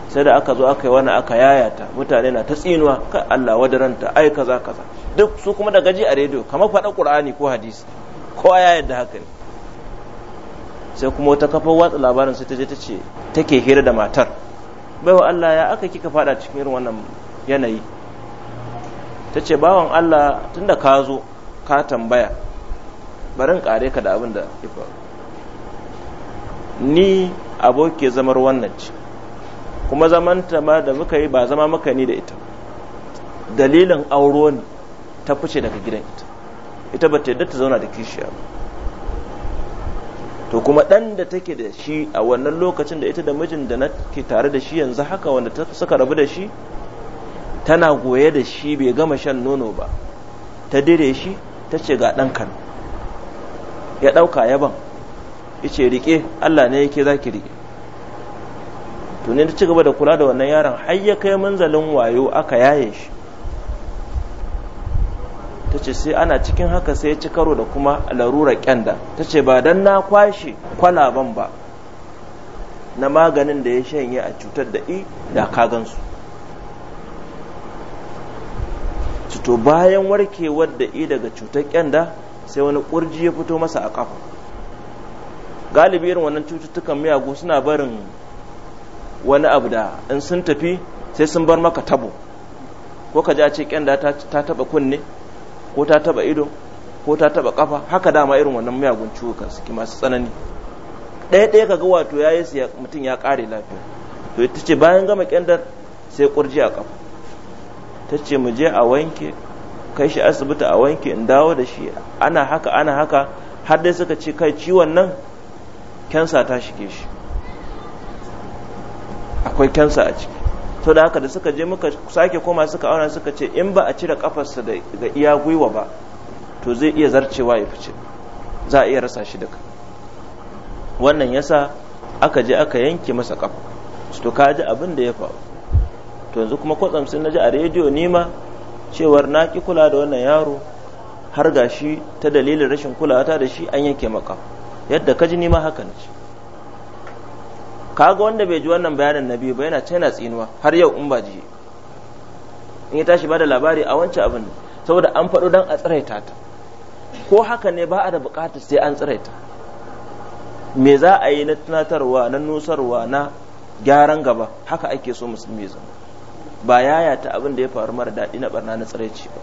sai da aka zo aka yi wani aka yayata mutane na ta tsinuwa ka Allah wadaranta ai kaza kaza duk su kuma da gaji a rediyo kamar faɗa ƙur'ani ko hadisi ko ya yadda haka ne sai kuma wata kafar watsa labarin sai ta je ta ce take hira da matar baiwa Allah ya aka kika fada cikin irin wannan yanayi ta ce bawan Allah tunda ka zo ka tambaya barin kare ka da abin da ya faru ni aboke zamar wannan ci kuma zaman ta ma da muka yi ba zama muka ni da ita dalilin auro ne ta fice daga gidan ita ita ba ta yadda ta zauna da kishiya ba to kuma ɗan da take da shi a wannan lokacin da ita da mijin da nake tare da shi yanzu haka wanda ta suka rabu da shi tana goye da shi bai gama shan nono ba ta dire shi ta ce ga ɗan kan ya ɗauka yaban ice riƙe, Allah ne yake zaki rike to ne ta ci gaba da kula da wannan yaron har ya kai manzalin wayo aka yaye shi ce sai ana cikin haka sai ya ci karo da kuma larura kyanda ta ce ba don na kwashe kwalaban ba na maganin da ya shanye a cutar da i da kagansu to bayan warkewar da i daga cutar kyanda sai wani kurji ya fito masa a kafa galibi irin wannan cututtukan miyagu suna barin wani abu da in sun tafi sai sun bar maka tabo ko ka ji a ce kyanda ta taba kunne ko ta taba ido ko ta taba kafa haka dama irin wannan miyagun ciwukan suke masu tsanani ɗaya ɗaya ka ga wato ya yi mutum ya ƙare lafiya to ita ce bayan gama kyandar sai ƙurji a kafa ta ce mu je a wanke kai shi asibiti a wanke in dawo da shi ana haka ana haka har dai suka ce kai ciwon nan kyansa ta shige shi akwai kyansa a ciki to da haka da suka je muka sake koma suka auna suka ce in ba a cire kafarsa ga iya gwiwa ba to zai iya zarcewa ya fice za a iya rasa shi duka wannan yasa aka je aka yanke masa kafa to ka ji abin da ya faru to yanzu kuma kwatsam sun naji a rediyo nima cewar na ki kula da wannan yaro har gashi ta dalilin rashin kulawa ta da shi an yanke maka yadda ka ji nima hakan ne kaga wanda bai ji wannan bayanin nabi ba yana cana tsinuwa har yau in ba ji in ya tashi bada labari a wancan abin saboda an faɗo dan a tsiraita ta ko haka ne ba a da buƙatar sai an tsiraita me za a yi na tunatarwa na nusarwa na gyaran gaba haka ake so musulmi zama ba yaya ta abin da ya faru mara daɗi na barna na tsiraici ba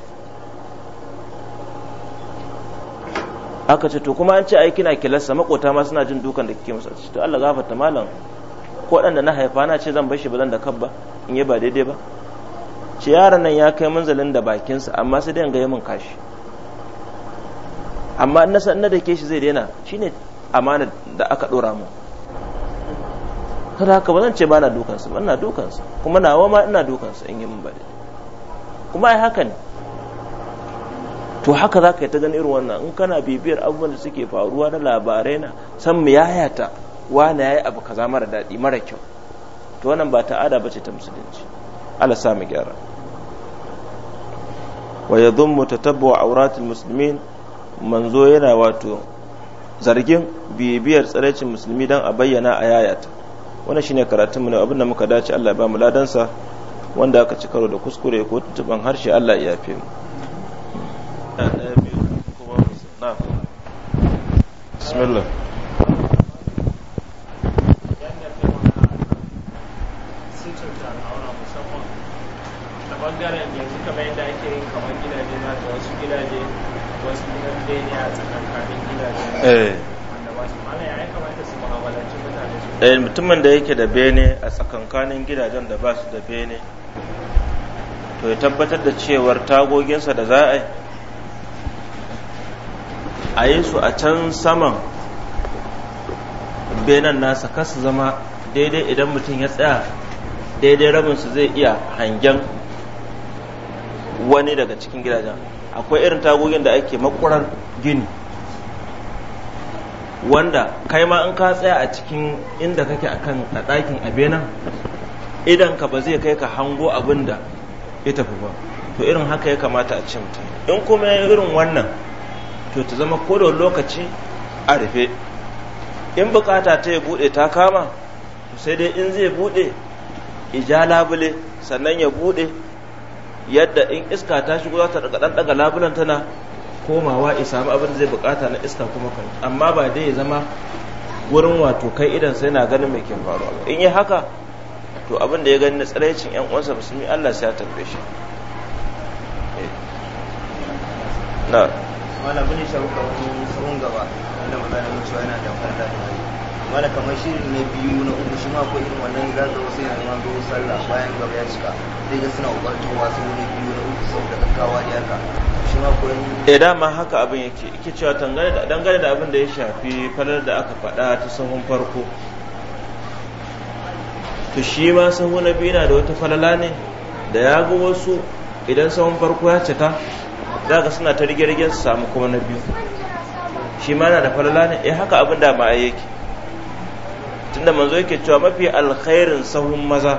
aka ce to kuma an ce ai kina kilasa makota ma suna jin dukan da kike masa to Allah gafarta malam ko waɗanda na haifa na ce zan bar shi ba zan da kabba in yi ba daidai ba ce yaron nan ya kai munzalin da bakinsa amma sai dai ga mun kashi amma in na san da ke shi zai daina shine amana da aka dora mu kada haka ba zan ce ba na dukansa ba ina dukansa kuma nawa ma ina dukansa in yi mun ba daidai kuma ai haka ne to haka za ka yi ta gani irin wannan in kana bibiyar abubuwan da suke faruwa na labarai na san mu yayata ya yi abu kaza mara daɗi mara kyau to wannan ba ta'ada bace ta musulunci Allah sa mu gyara wa yadhummu tatabbu awratil muslimin manzo yana wato zargin bibiyar tsiraicin musulmi dan a bayyana a yayata wannan shine karatunmu ne abin da muka dace Allah ya ba mu ladansa wanda aka ci karo da kuskure ko tuban harshe Allah ya yafe mu bismillah bangaren yanzu kamar yadda ake yin kamar gidaje na da wasu gidaje wasu gidaje ne a tsakankanin gidaje eh. wanda ba su mana ya kamata su mu'amalanci mutane su eh mutumin da yake da bene a tsakankanin gidajen da ba su da bene to ya tabbatar da cewar tagoginsa da za a yi a yi su a can saman benan nasa kasu zama daidai idan mutum ya tsaya daidai rabinsu zai iya hangen wani daga cikin gidajen akwai irin tagogin da ake makurar gini wanda kai ma in ka tsaya a cikin inda kake akan a ɗakin abenan idan ka ba zai kai ka hango abin da ya tafi ba to irin haka ya kamata a ce mutum in kuma ya irin wannan to ta zama ko da lokaci a rufe in bukata ta ya buɗe ta kama sai dai in zai buɗe ija labule sannan ya buɗe yadda in iska ta shigo za ta daga dan daga labulan tana komawa ya samu abin da zai bukata na iska kuma kan amma ba dai ya zama wurin wato kai idan sai na ganin mai kin faruwa in yi haka to abin da ya gani na tsiraicin yan uwansa musulmi Allah sai ya tambaye shi eh. na wala bune shauka wani sabon gaba wanda magana cewa yana da fara da wala kamar shi na biyu na uku shi ma kuwa irin wannan za ga wasu yanzu ma zo sallah bayan gaba ya cika sai ga suna ƙoƙarcin wasu ne biyu na uku saboda gaggawa ya ka shi ma ko da eh, dama haka abin yake ke cewa dangane da abin da ya shafi falar da aka faɗa ta sahun farko to shi ma sahu na biyu na da wata falala ne da ya ga wasu idan sahun farko ya cika za ka suna ta rige-rigen su samu kuma na biyu shi ma na da falala ne eh haka abin da ma yake tunda manzo yake cewa mafi alkhairin sahun maza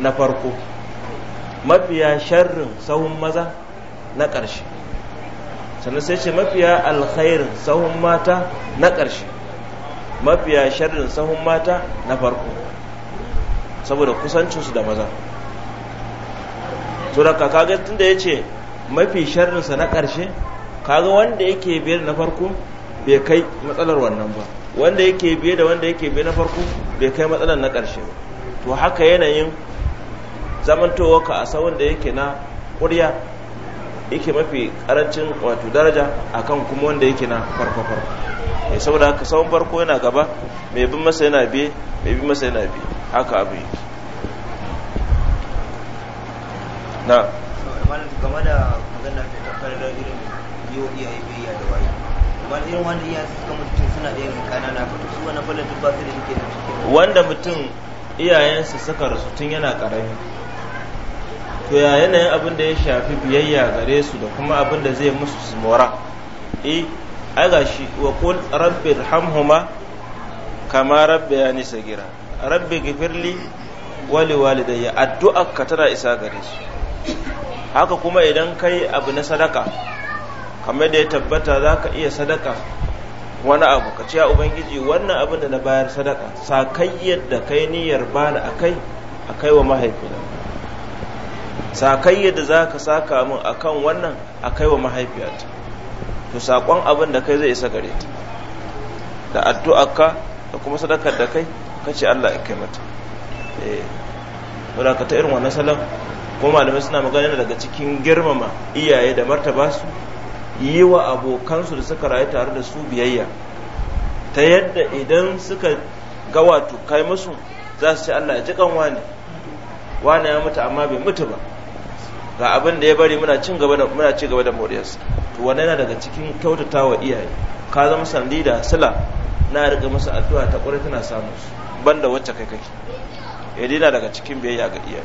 na farko mafiya sharrin sahun maza na ƙarshe sannan sai ce mafiya alkhairin sahun mata na ƙarshe mafiya sharrin sahun mata na farko saboda kusancinsu da maza to da kaga tunda ya ce mafi sharrinsa na ƙarshe kaga wanda yake biyar na farko bai kai matsalar wannan ba wanda yake biye da wanda yake biye na farko bai kai matsalar na ƙarshe ba to haka yanayin zamantowa ka a sauran da yake na ƙurya yake mafi ƙarancin wato daraja akan kuma wanda yake na farko farko ya eh, saboda haka sauran farko yana gaba mai bin masa yana biye mai bin masa yana biye haka abu yi na game da magana ta tafar da irin biyo iyaye biya da wayo irin wanda suka mutum suna da yanzu kanana ka su wani bala ba su da wanda mutum iyayensa suka rasu tun yana karami to ya yanayin abin da ya shafi biyayya gare su da kuma abin da zai musu su mora e ai gashi wa qul rabbi kama rabbi ya nisa gira rabbi gifirli wali walidayya addu'a ka tana isa gare su haka kuma idan kai abu na sadaka kamar da ya tabbata za ka iya sadaka wani abu ka ciya ubangiji wannan abin da na bayar sadaka sakayyar da kai niyyar bani a kai a kai wa mahaifina sakayyar da za ka saka min a kan wannan a kai wa mahaifiyata to saƙon abin da kai zai isa gare ta da addu'arka da kuma sadakar da kai ka ce allah ya kai mata eh ka ta irin wannan salon kuma malamai suna magana daga cikin girmama iyaye da martaba su yi wa abokansu da suka rayu tare da su biyayya ta yadda idan suka ga wato kai musu za su ce Allah ya ji kan wani wani ya mutu amma bai mutu ba ga abin da ya bari muna cin gaba da muna ci gaba da moriyarsa to wannan yana daga cikin kyautatawa wa iyaye ka zama sandi da sala na riga musu addu'a ta kwarai tana samu su banda wacce kai kake eh, ya na daga cikin biyayya ga iyaye